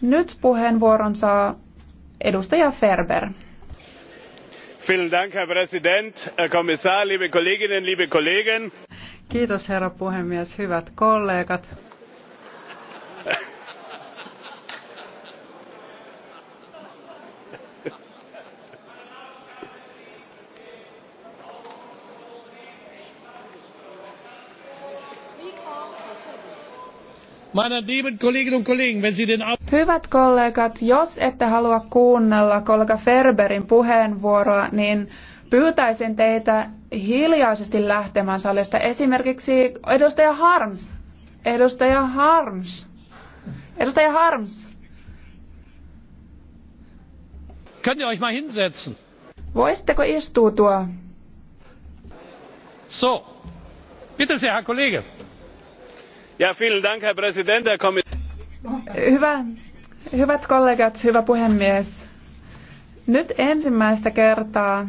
Nyt puheenvuoron saa edustaja Ferber. Herr Präsident, Herr Kommissar, liebe Kolleginnen, liebe Kollegen. Kiitos herra puhemies, hyvät kollegat. Hyvät kollegat, jos ette halua kuunnella kollega Ferberin puheenvuoroa, niin pyytäisin teitä hiljaisesti lähtemään salista. Esimerkiksi edustaja Harms. Edustaja Harms. Edustaja Harms. Könnt ihr euch mal hinsetzen? Voisitteko istuutua? So. Bitte sehr, Herr Kollege hyvät kollegat, hyvä puhemies. Nyt ensimmäistä kertaa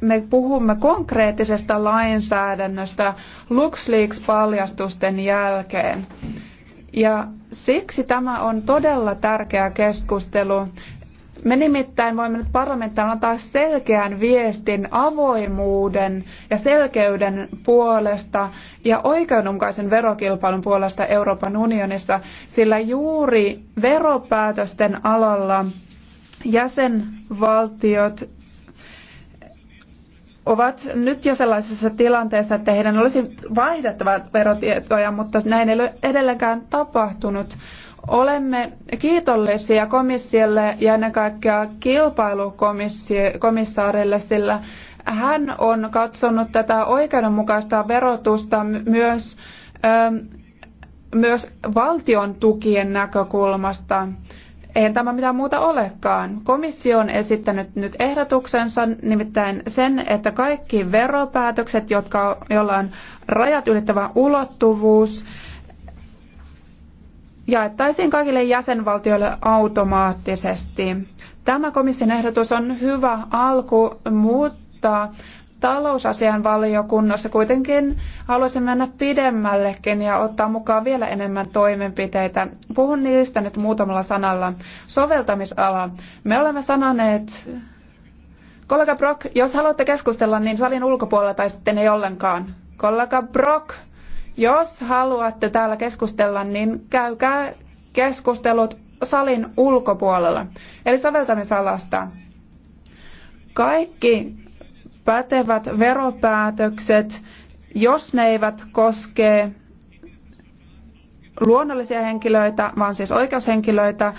me puhumme konkreettisesta lainsäädännöstä LuxLeaks-paljastusten jälkeen. Ja siksi tämä on todella tärkeä keskustelu. Me nimittäin voimme nyt parlamenttina antaa selkeän viestin avoimuuden ja selkeyden puolesta ja oikeudenmukaisen verokilpailun puolesta Euroopan unionissa, sillä juuri veropäätösten alalla jäsenvaltiot ovat nyt jo sellaisessa tilanteessa, että heidän olisi vaihdettava verotietoja, mutta näin ei ole edelleenkään tapahtunut. Olemme kiitollisia komissiolle ja ennen kaikkea kilpailukomissaarille, sillä hän on katsonut tätä oikeudenmukaista verotusta myös, ähm, myös valtion tukien näkökulmasta. Eihän tämä mitään muuta olekaan. Komissio on esittänyt nyt ehdotuksensa, nimittäin sen, että kaikki veropäätökset, jotka, joilla on rajat ylittävä ulottuvuus, jaettaisiin kaikille jäsenvaltioille automaattisesti. Tämä komission ehdotus on hyvä alku, mutta talousasian valiokunnassa kuitenkin haluaisin mennä pidemmällekin ja ottaa mukaan vielä enemmän toimenpiteitä. Puhun niistä nyt muutamalla sanalla. Soveltamisala. Me olemme sanoneet, kollega Brock, jos haluatte keskustella, niin salin ulkopuolella tai sitten ei ollenkaan. Kollega Brock, jos haluatte täällä keskustella, niin käykää keskustelut salin ulkopuolella, eli soveltamisalasta. Kaikki pätevät veropäätökset, jos ne eivät koske luonnollisia henkilöitä, vaan siis oikeushenkilöitä,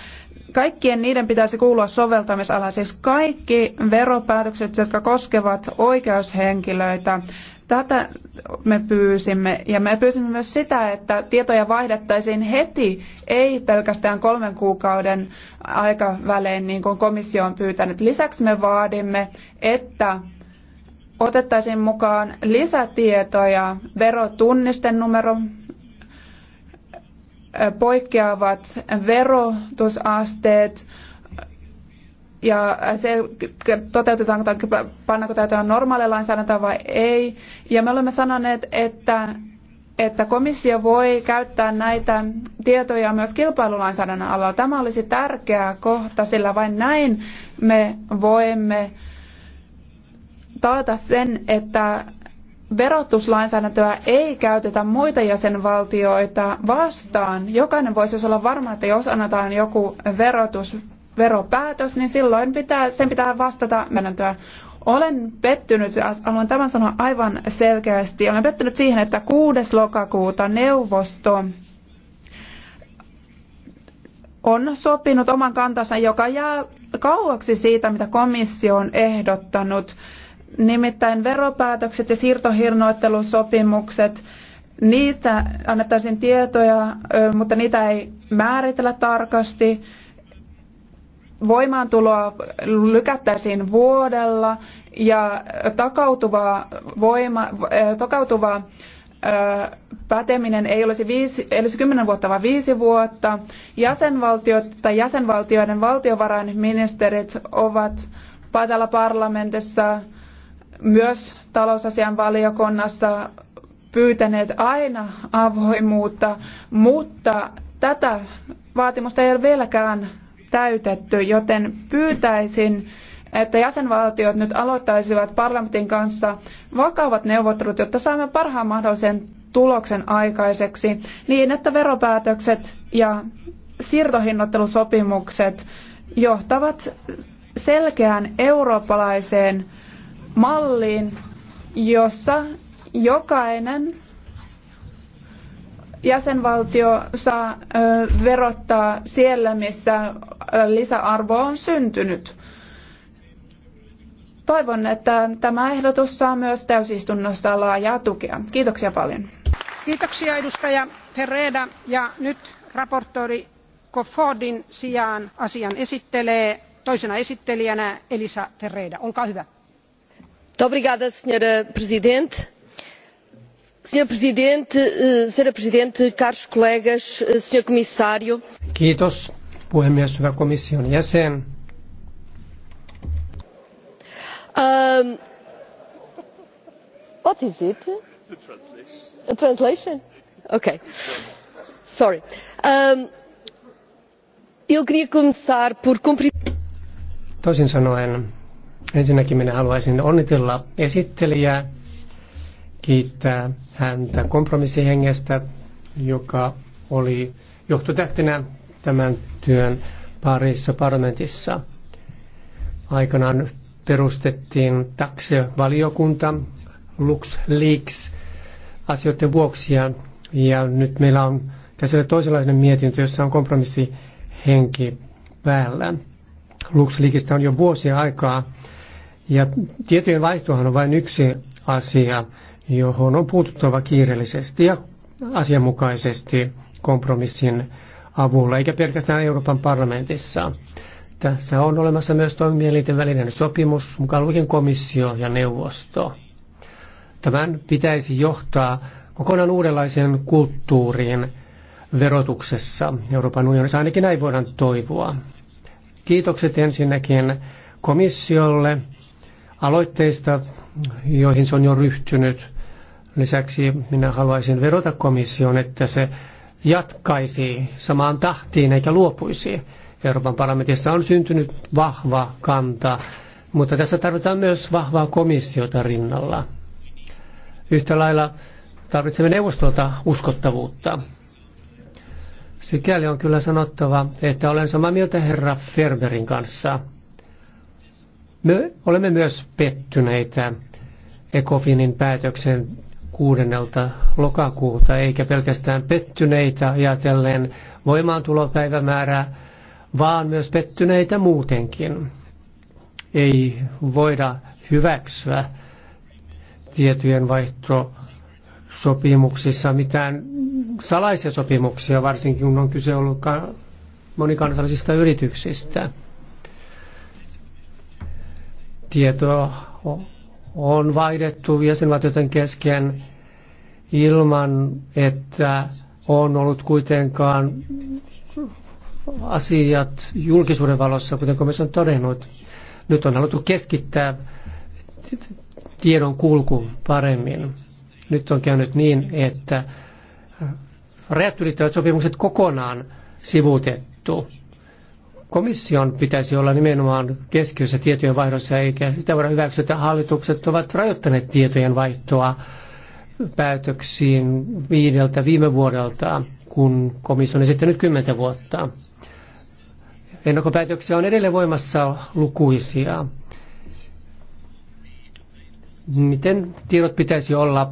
kaikkien niiden pitäisi kuulua soveltamisalaan, siis kaikki veropäätökset, jotka koskevat oikeushenkilöitä. Tätä, me pyysimme. Ja me pyysimme myös sitä, että tietoja vaihdettaisiin heti, ei pelkästään kolmen kuukauden aikavälein, niin kuin komissio on pyytänyt. Lisäksi me vaadimme, että otettaisiin mukaan lisätietoja, verotunnisten numero, poikkeavat verotusasteet, ja se toteutetaanko tai pannaanko täytäntöön normaali lainsäädäntö vai ei. Ja me olemme sanoneet, että, että komissio voi käyttää näitä tietoja myös kilpailulainsäädännön alalla. Tämä olisi tärkeä kohta, sillä vain näin me voimme taata sen, että verotuslainsäädäntöä ei käytetä muita jäsenvaltioita vastaan. Jokainen voisi olla varma, että jos annetaan joku verotus veropäätös, niin silloin pitää, sen pitää vastata menentöä. Olen pettynyt, haluan tämän sanoa aivan selkeästi, olen pettynyt siihen, että 6. lokakuuta neuvosto on sopinut oman kantansa, joka jää kauaksi siitä, mitä komissio on ehdottanut. Nimittäin veropäätökset ja siirtohirnoittelusopimukset, niitä annettaisiin tietoja, mutta niitä ei määritellä tarkasti voimaantuloa lykättäisiin vuodella ja takautuvaa, voima, äh, takautuvaa äh, päteminen ei olisi, viisi, olisi vuotta, vaan viisi vuotta. Jäsenvaltiot tai jäsenvaltioiden valtiovarainministerit ovat täällä parlamentissa, myös talousasian valiokunnassa pyytäneet aina avoimuutta, mutta tätä vaatimusta ei ole vieläkään täytetty, joten pyytäisin, että jäsenvaltiot nyt aloittaisivat parlamentin kanssa vakavat neuvottelut, jotta saamme parhaan mahdollisen tuloksen aikaiseksi niin, että veropäätökset ja siirtohinnoittelusopimukset johtavat selkeään eurooppalaiseen malliin, jossa jokainen jäsenvaltio saa verottaa siellä, missä lisäarvo on syntynyt. Toivon, että tämä ehdotus saa myös täysistunnossa laajaa tukea. Kiitoksia paljon. Kiitoksia edustaja Ferreira ja nyt raportori Kofodin sijaan asian esittelee toisena esittelijänä Elisa Ferreira. Olkaa hyvä. Eh, Senhora Presidente, caros colegas, eh, senhor Comissário. Kiitos, puhemies, hyvä komission jäsen. Um, what is it? The translation. A translation? Sorry. Um, eu queria começar por cumprimentar. Toisin sanoen, ensinnäkin minä haluaisin onnitella esittelijää kiittää häntä kompromissihengestä, joka oli johtotähtenä tämän työn parissa parlamentissa. Aikanaan perustettiin taksevaliokunta LuxLeaks asioiden vuoksi ja, ja nyt meillä on käsillä toisenlainen mietintö, jossa on kompromissihenki päällä. LuxLeaksista on jo vuosia aikaa ja tietojen vaihtohan on vain yksi asia, johon on puututtava kiireellisesti ja asianmukaisesti kompromissin avulla, eikä pelkästään Euroopan parlamentissa. Tässä on olemassa myös toimielinten välinen sopimus, mukaan lukien komissio ja neuvosto. Tämän pitäisi johtaa kokonaan uudenlaiseen kulttuuriin verotuksessa Euroopan unionissa, ainakin näin voidaan toivoa. Kiitokset ensinnäkin komissiolle aloitteista, joihin se on jo ryhtynyt Lisäksi minä haluaisin vedota komission, että se jatkaisi samaan tahtiin eikä luopuisi. Euroopan parlamentissa on syntynyt vahva kanta, mutta tässä tarvitaan myös vahvaa komissiota rinnalla. Yhtä lailla tarvitsemme neuvostolta uskottavuutta. Sikäli on kyllä sanottava, että olen samaa mieltä herra Ferberin kanssa. Me olemme myös pettyneitä Ecofinin päätöksen kuudennelta lokakuuta, eikä pelkästään pettyneitä ajatellen voimaantulopäivämäärää, vaan myös pettyneitä muutenkin. Ei voida hyväksyä tietojen vaihto sopimuksissa mitään salaisia sopimuksia, varsinkin kun on kyse ollut monikansallisista yrityksistä. Tietoa on vaihdettu jäsenvaltioiden kesken ilman, että on ollut kuitenkaan asiat julkisuuden valossa, kuten komissio on todennut. Nyt on haluttu keskittää tiedon kulku paremmin. Nyt on käynyt niin, että rajat ylittävät sopimukset kokonaan sivutettu komission pitäisi olla nimenomaan keskiössä tietojen vaihdossa, eikä sitä voida hyväksyä, että hallitukset ovat rajoittaneet tietojen vaihtoa päätöksiin viideltä viime vuodelta, kun komissio on esittänyt kymmentä vuotta. Ennakkopäätöksiä on edelleen voimassa lukuisia. Miten tiedot pitäisi olla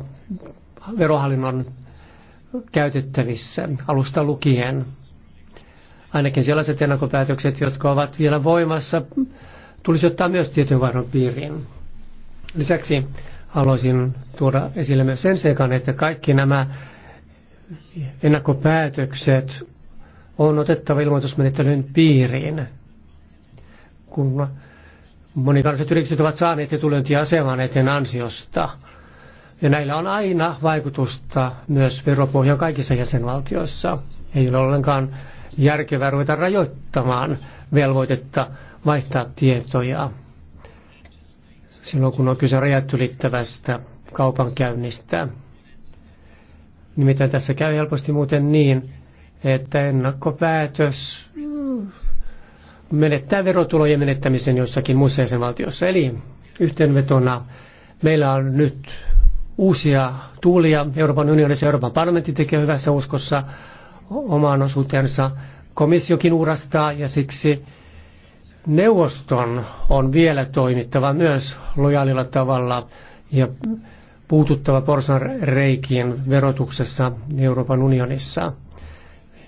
verohallinnon käytettävissä alusta lukien? ainakin sellaiset ennakkopäätökset, jotka ovat vielä voimassa, tulisi ottaa myös tietojenvaihdon piiriin. Lisäksi haluaisin tuoda esille myös sen seikan, että kaikki nämä ennakkopäätökset on otettava ilmoitusmenettelyn piiriin, kun monikansalliset yritykset ovat saaneet etulyöntiaseman eteen ansiosta. Ja näillä on aina vaikutusta myös veropohjaan kaikissa jäsenvaltioissa. Ei ole ollenkaan järkevää ruveta rajoittamaan velvoitetta vaihtaa tietoja silloin, kun on kyse rajat ylittävästä kaupankäynnistä. Nimittäin tässä käy helposti muuten niin, että ennakkopäätös menettää verotulojen menettämisen jossakin muissa jäsenvaltiossa. Eli yhteenvetona meillä on nyt uusia tuulia Euroopan unionissa, Euroopan parlamentti tekee hyvässä uskossa oman osuutensa. Komissiokin uurastaa ja siksi neuvoston on vielä toimittava myös lojaalilla tavalla ja puututtava porsan reikien verotuksessa Euroopan unionissa.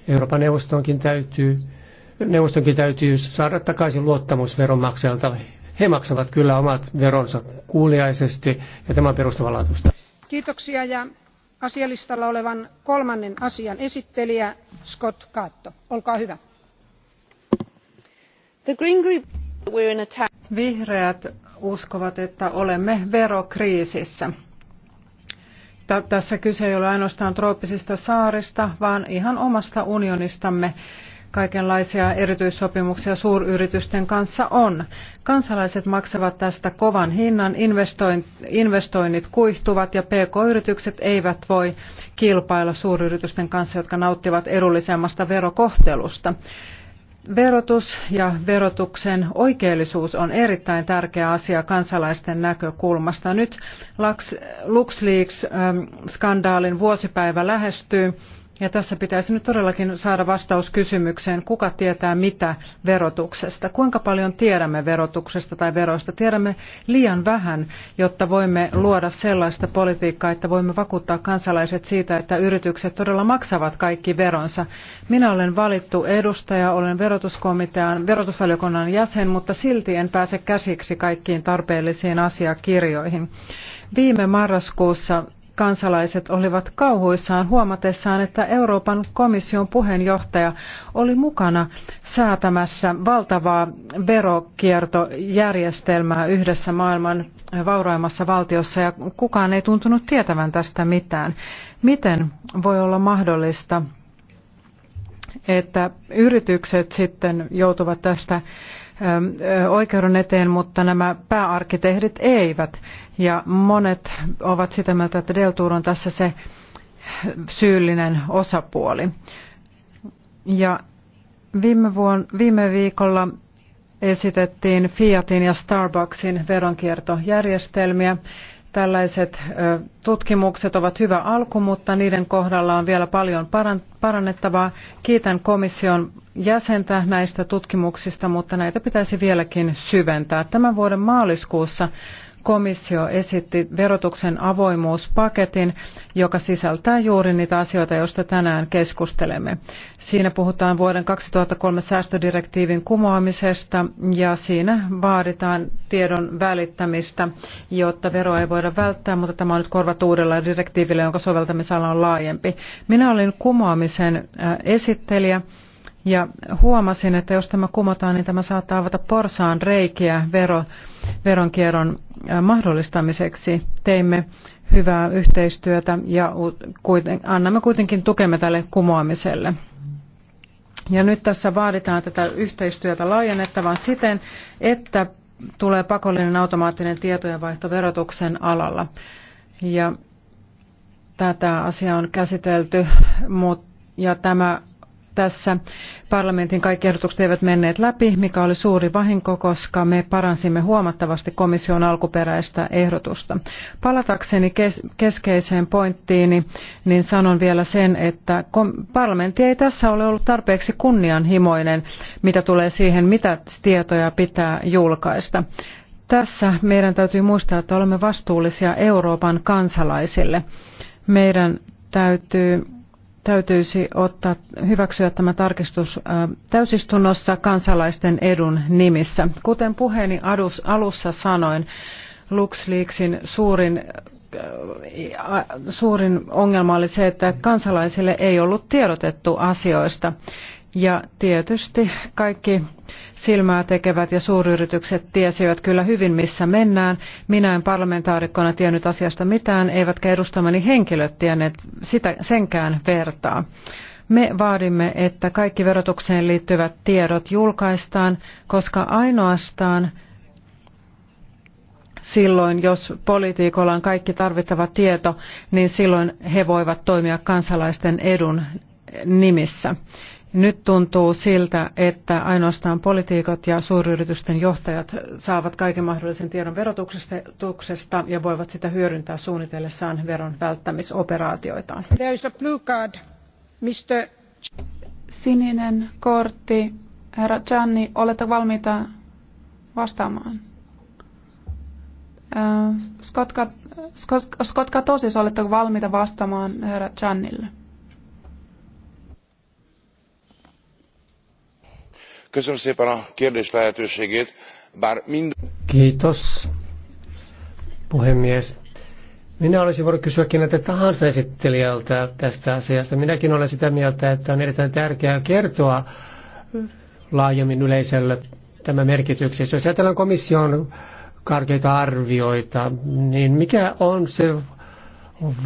Euroopan neuvostonkin täytyy, neuvostonkin täytyy saada takaisin luottamus veronmaksajalta. He maksavat kyllä omat veronsa kuuliaisesti ja tämä on perustavanlaatuista. Kiitoksia ja asialistalla olevan kolmannen asian esittelijä scott cato olkaa hyvä. vihreät uskovat että olemme verokriisissä. tässä kyse ei ole ainoastaan trooppisista saarista vaan ihan omasta unionistamme kaikenlaisia erityissopimuksia suuryritysten kanssa on. Kansalaiset maksavat tästä kovan hinnan, investoinnit kuihtuvat ja pk-yritykset eivät voi kilpailla suuryritysten kanssa, jotka nauttivat edullisemmasta verokohtelusta. Verotus ja verotuksen oikeellisuus on erittäin tärkeä asia kansalaisten näkökulmasta. Nyt LuxLeaks-skandaalin vuosipäivä lähestyy ja tässä pitäisi nyt todellakin saada vastaus kysymykseen, kuka tietää mitä verotuksesta. Kuinka paljon tiedämme verotuksesta tai veroista? Tiedämme liian vähän, jotta voimme luoda sellaista politiikkaa, että voimme vakuuttaa kansalaiset siitä, että yritykset todella maksavat kaikki veronsa. Minä olen valittu edustaja, olen verotuskomitean, verotusvaliokunnan jäsen, mutta silti en pääse käsiksi kaikkiin tarpeellisiin asiakirjoihin. Viime marraskuussa kansalaiset olivat kauhuissaan huomatessaan, että Euroopan komission puheenjohtaja oli mukana säätämässä valtavaa verokiertojärjestelmää yhdessä maailman vauraimmassa valtiossa ja kukaan ei tuntunut tietävän tästä mitään. Miten voi olla mahdollista, että yritykset sitten joutuvat tästä oikeuden eteen, mutta nämä pääarkkitehdit eivät. Ja monet ovat sitä mieltä, että Deltour on tässä se syyllinen osapuoli. Ja viime, vuon, viime viikolla esitettiin Fiatin ja Starbucksin veronkiertojärjestelmiä. Tällaiset tutkimukset ovat hyvä alku, mutta niiden kohdalla on vielä paljon parannettavaa. Kiitän komission jäsentä näistä tutkimuksista, mutta näitä pitäisi vieläkin syventää. Tämän vuoden maaliskuussa komissio esitti verotuksen avoimuuspaketin, joka sisältää juuri niitä asioita, joista tänään keskustelemme. Siinä puhutaan vuoden 2003 säästödirektiivin kumoamisesta ja siinä vaaditaan tiedon välittämistä, jotta veroa ei voida välttää, mutta tämä on nyt korvattu uudella direktiivillä, jonka soveltamisala on laajempi. Minä olin kumoamisen esittelijä ja huomasin, että jos tämä kumotaan, niin tämä saattaa avata porsaan reikiä vero, veronkierron mahdollistamiseksi. Teimme hyvää yhteistyötä ja kuiten, annamme kuitenkin tukemme tälle kumoamiselle. Ja nyt tässä vaaditaan tätä yhteistyötä laajennettavan siten, että tulee pakollinen automaattinen tietojenvaihto verotuksen alalla. Ja tätä asiaa on käsitelty, mutta ja tämä tässä parlamentin kaikki ehdotukset eivät menneet läpi, mikä oli suuri vahinko, koska me paransimme huomattavasti komission alkuperäistä ehdotusta. Palatakseni keskeiseen pointtiini, niin sanon vielä sen, että parlamentti ei tässä ole ollut tarpeeksi kunnianhimoinen, mitä tulee siihen, mitä tietoja pitää julkaista. Tässä meidän täytyy muistaa, että olemme vastuullisia Euroopan kansalaisille. Meidän täytyy täytyisi ottaa, hyväksyä tämä tarkistus täysistunnossa kansalaisten edun nimissä. Kuten puheeni adus, alussa sanoin, LuxLeaksin suurin suurin ongelma oli se, että kansalaisille ei ollut tiedotettu asioista. Ja tietysti kaikki silmää tekevät ja suuryritykset tiesivät kyllä hyvin, missä mennään. Minä en parlamentaarikkona tiennyt asiasta mitään, eivätkä edustamani henkilöt tienneet sitä, senkään vertaa. Me vaadimme, että kaikki verotukseen liittyvät tiedot julkaistaan, koska ainoastaan silloin, jos politiikolla on kaikki tarvittava tieto, niin silloin he voivat toimia kansalaisten edun nimissä. Nyt tuntuu siltä, että ainoastaan poliitikot ja suuryritysten johtajat saavat kaiken mahdollisen tiedon verotuksesta ja voivat sitä hyödyntää suunnitellessaan veron välttämisoperaatioitaan. There is a blue card, Mr. Sininen kortti. Herra Gianni, olette valmiita vastaamaan? Äh, Skotka, Skotka, Skotka tosis, oletteko valmiita vastaamaan herra Giannille? Köszönöm szépen a kérdés lehetőségét, bár mind... Kiitos, puhemies. Minä olisin voinut kysyä keneltä tahansa esittelijältä tästä asiasta. Minäkin olen sitä mieltä, että on erittäin tärkeää kertoa laajemmin yleisölle tämä merkityksessä. Jos ajatellaan komission karkeita arvioita, niin mikä on se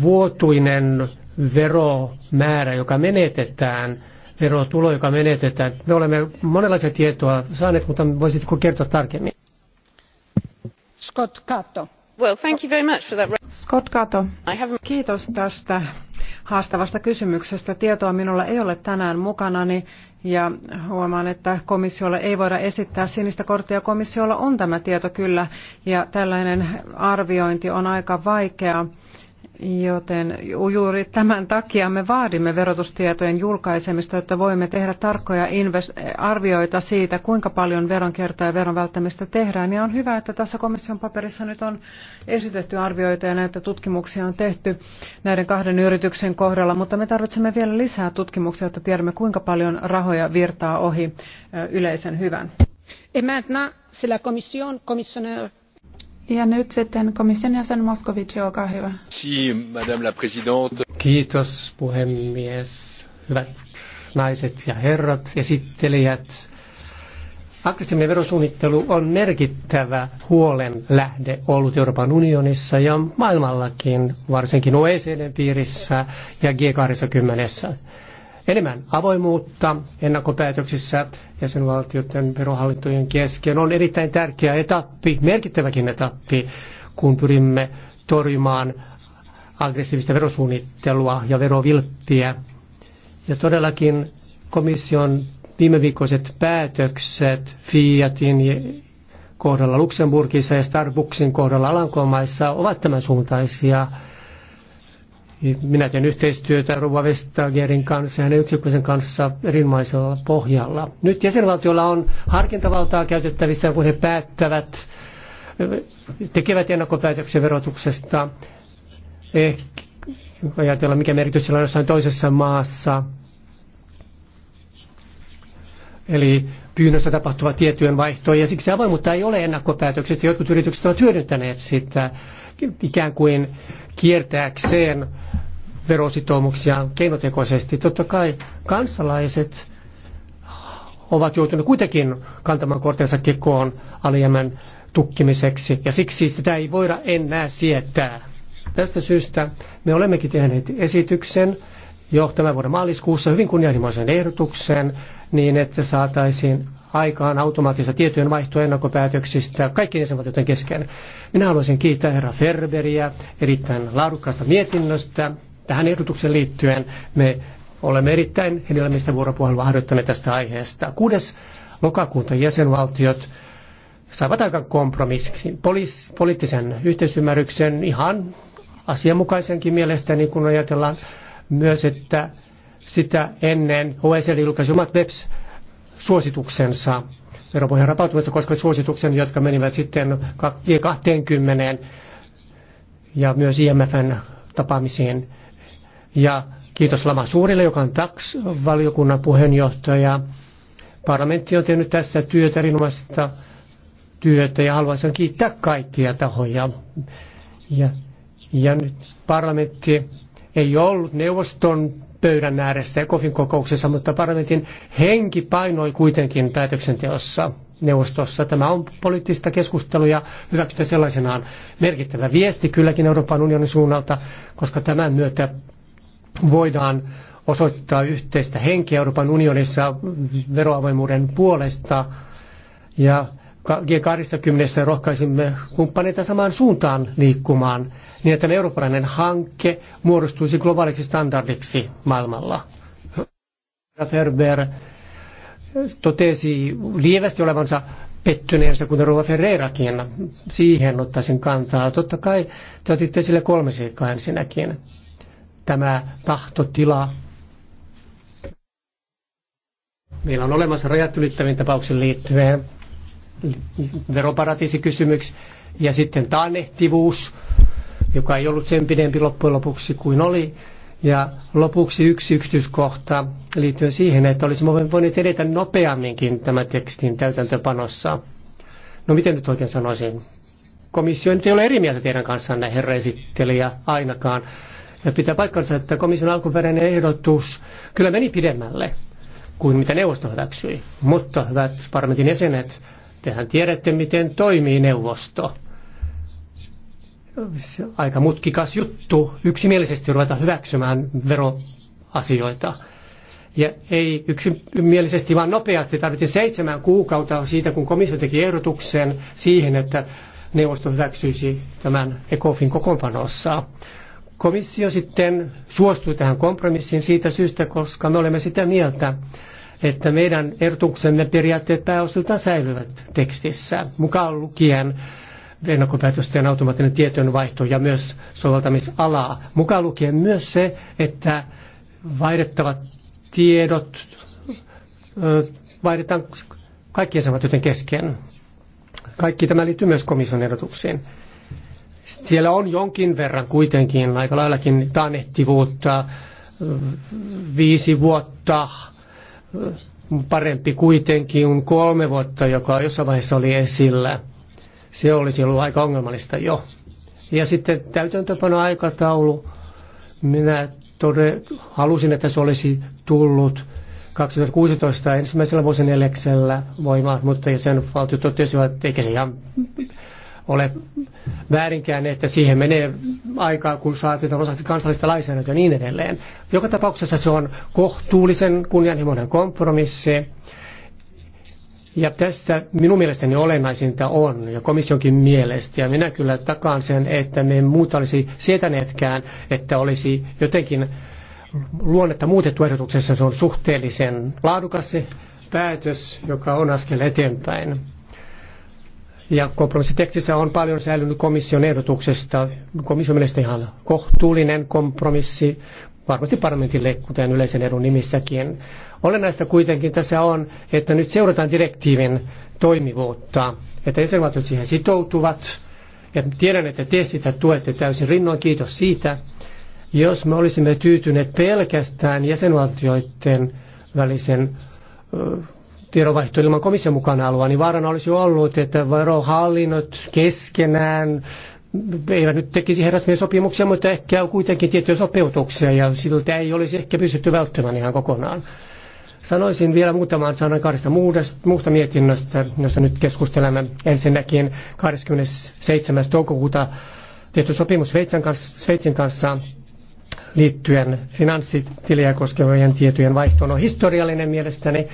vuotuinen veromäärä, joka menetetään – verotulo, joka menetetään. Me olemme monenlaisia tietoa saaneet, mutta voisitko kertoa tarkemmin? Scott Cato. Well, thank you very much for that. Scott Cato, kiitos tästä haastavasta kysymyksestä. Tietoa minulla ei ole tänään mukanani ja huomaan, että komissiolle ei voida esittää sinistä korttia. Komissiolla on tämä tieto kyllä ja tällainen arviointi on aika vaikeaa. Joten juuri tämän takia me vaadimme verotustietojen julkaisemista, jotta voimme tehdä tarkkoja arvioita siitä, kuinka paljon veronkiertoa ja veron välttämistä tehdään. Ja on hyvä, että tässä komission paperissa nyt on esitetty arvioita ja näitä tutkimuksia on tehty näiden kahden yrityksen kohdalla, mutta me tarvitsemme vielä lisää tutkimuksia, jotta tiedämme, kuinka paljon rahoja virtaa ohi yleisen hyvän. Et maintenant, c'est la commission, commissioner ja nyt sitten komission jäsen Moskovici, olkaa hyvä. Si, madame la présidente. Kiitos puhemies, hyvät naiset ja herrat, esittelijät. Aggressiivinen verosuunnittelu on merkittävä huolen lähde ollut Euroopan unionissa ja maailmallakin, varsinkin oecd piirissä ja G20. Enemmän avoimuutta ennakkopäätöksissä jäsenvaltioiden verohallintojen kesken on erittäin tärkeä etappi, merkittäväkin etappi, kun pyrimme torjumaan aggressiivista verosuunnittelua ja verovilppiä. Ja todellakin komission viime viikkoiset päätökset Fiatin kohdalla Luxemburgissa ja Starbucksin kohdalla Alankomaissa ovat tämän suuntaisia minä teen yhteistyötä Rova Vestagerin kanssa ja hänen yksikkösen kanssa erinomaisella pohjalla. Nyt jäsenvaltiolla on harkintavaltaa käytettävissä, kun he päättävät, tekevät ennakkopäätöksen verotuksesta. Ehkä ajatella, mikä merkitys sillä on jossain toisessa maassa. Eli pyynnöstä tapahtuva tietyön vaihto, ja siksi avoimuutta ei ole ennakkopäätöksestä. Jotkut yritykset ovat hyödyntäneet sitä ikään kuin kiertääkseen verositoumuksiaan keinotekoisesti. Totta kai kansalaiset ovat joutuneet kuitenkin kantamaan kortensa kekoon alijäämän tukkimiseksi, ja siksi sitä ei voida enää sietää. Tästä syystä me olemmekin tehneet esityksen jo tämän vuoden maaliskuussa hyvin kunnianhimoisen ehdotuksen niin, että saataisiin aikaan automaattista tietojen vaihtoa ennakkopäätöksistä kaikkien jäsenvaltioiden kesken. Minä haluaisin kiittää herra Ferberiä erittäin laadukkaasta mietinnöstä. Tähän ehdotukseen liittyen me olemme erittäin hedelmistä vuoropuhelua harjoittaneet tästä aiheesta. 6. lokakuuta jäsenvaltiot saivat aikaan kompromissin, Polis, poliittisen yhteisymmärryksen ihan asianmukaisenkin mielestäni, kun ajatellaan myös, että sitä ennen OECD julkaisi omat webs suosituksensa veropohjan rapautumista koska suosituksen, jotka menivät sitten 20 ja myös IMFn tapaamisiin. Ja kiitos Lama Suurille, joka on TAX-valiokunnan puheenjohtaja. Parlamentti on tehnyt tässä työtä, erinomaista työtä ja haluaisin kiittää kaikkia tahoja. Ja, ja nyt parlamentti ei ollut neuvoston pöydän ääressä kofin kokouksessa, mutta parlamentin henki painoi kuitenkin päätöksenteossa neuvostossa. Tämä on poliittista keskustelua ja hyväksytä sellaisenaan merkittävä viesti kylläkin Euroopan unionin suunnalta, koska tämän myötä voidaan osoittaa yhteistä henkeä Euroopan unionissa veroavoimuuden puolesta ja G20 rohkaisimme kumppaneita samaan suuntaan liikkumaan, niin että eurooppalainen hanke muodostuisi globaaliksi standardiksi maailmalla. Ferber totesi lievästi olevansa pettyneensä, kuten Rova Ferreirakin. Siihen ottaisin kantaa. Totta kai te otitte sille kolme seikkaa ensinnäkin. Tämä tahtotila. Meillä on olemassa rajat ylittäviin tapauksiin liittyen veroparatiisikysymyksi. ja sitten taannehtivuus, joka ei ollut sen pidempi loppujen lopuksi kuin oli. Ja lopuksi yksi yksityiskohta liittyen siihen, että olisimme voineet edetä nopeamminkin tämän tekstin täytäntöpanossa. No miten nyt oikein sanoisin? Komissio nyt ei ole eri mieltä teidän kanssanne, herra esittelijä, ainakaan. Ja pitää paikkansa, että komission alkuperäinen ehdotus kyllä meni pidemmälle kuin mitä neuvosto hyväksyi. Mutta hyvät parlamentin jäsenet, Tehän tiedätte, miten toimii neuvosto. Se aika mutkikas juttu yksimielisesti ruveta hyväksymään veroasioita. Ja ei yksimielisesti, vaan nopeasti. tarvitsi seitsemän kuukautta siitä, kun komissio teki ehdotuksen siihen, että neuvosto hyväksyisi tämän ECOFin kokoonpanossa. Komissio sitten suostui tähän kompromissiin siitä syystä, koska me olemme sitä mieltä, että meidän ehdotuksemme periaatteet pääosilta säilyvät tekstissä, mukaan lukien ennakkopäätösten automaattinen tietojenvaihto ja myös soveltamisalaa, mukaan lukien myös se, että vaihdettavat tiedot vaihdetaan kaikkien samantyöten kesken. Kaikki tämä liittyy myös komission ehdotuksiin. Siellä on jonkin verran kuitenkin aika laillakin taannehtivuutta, viisi vuotta parempi kuitenkin kuin kolme vuotta, joka jossain vaiheessa oli esillä. Se olisi ollut aika ongelmallista jo. Ja sitten täytäntöpano aikataulu. Minä tode, halusin, että se olisi tullut 2016 ensimmäisellä vuosineljäksellä voimaan, mutta jäsenvaltiot totesivat, että eikä se ihan ole väärinkään, että siihen menee aikaa, kun saatetaan osaksi kansallista lainsäädäntöä ja niin edelleen. Joka tapauksessa se on kohtuullisen kunnianhimoinen kompromissi. Ja tässä minun mielestäni olennaisinta on, ja komissionkin mielestä, ja minä kyllä takaan sen, että me muuta olisi sietäneetkään, että olisi jotenkin luonnetta muutettu ehdotuksessa. Se on suhteellisen laadukas se päätös, joka on askel eteenpäin. Ja kompromissitekstissä on paljon säilynyt komission ehdotuksesta. Komission mielestä ihan kohtuullinen kompromissi, varmasti parlamentille, kuten yleisen edun nimissäkin. Olennaista kuitenkin tässä on, että nyt seurataan direktiivin toimivuutta, että jäsenvaltiot siihen sitoutuvat. Ja tiedän, että te sitä tuette täysin rinnoin, kiitos siitä. Jos me olisimme tyytyneet pelkästään jäsenvaltioiden välisen tiedonvaihto ilman komission mukana alua, niin vaarana olisi ollut, että verohallinnot keskenään eivät nyt tekisi herrasmien sopimuksia, mutta ehkä on kuitenkin tiettyjä sopeutuksia ja siltä ei olisi ehkä pystytty välttämään ihan kokonaan. Sanoisin vielä muutaman sanan kahdesta muudesta, muusta mietinnöstä, josta nyt keskustelemme. Ensinnäkin 27. toukokuuta tehty sopimus Sveitsin kanssa, Sveitsin kanssa liittyen finanssitiliä koskevien tietojen vaihtoon on historiallinen mielestäni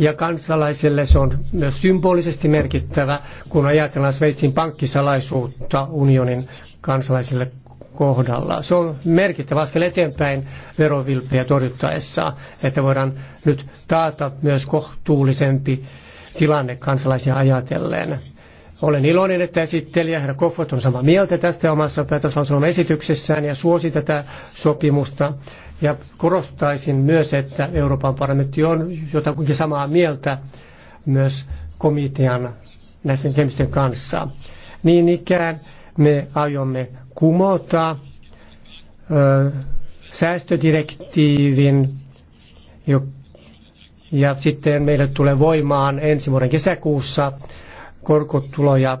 ja kansalaisille se on myös symbolisesti merkittävä, kun ajatellaan Sveitsin pankkisalaisuutta unionin kansalaisille kohdalla. Se on merkittävä askel eteenpäin verovilpejä torjuttaessa, että voidaan nyt taata myös kohtuullisempi tilanne kansalaisia ajatellen. Olen iloinen, että esittelijä herra Koffot on samaa mieltä tästä omassa päätöslauselman esityksessään ja suosi tätä sopimusta. Ja korostaisin myös, että Euroopan parlamentti on jotakuinkin samaa mieltä myös komitean näiden kemisten kanssa. Niin ikään me aiomme kumota ö, säästödirektiivin, jo, ja sitten meille tulee voimaan ensi vuoden kesäkuussa korkotuloja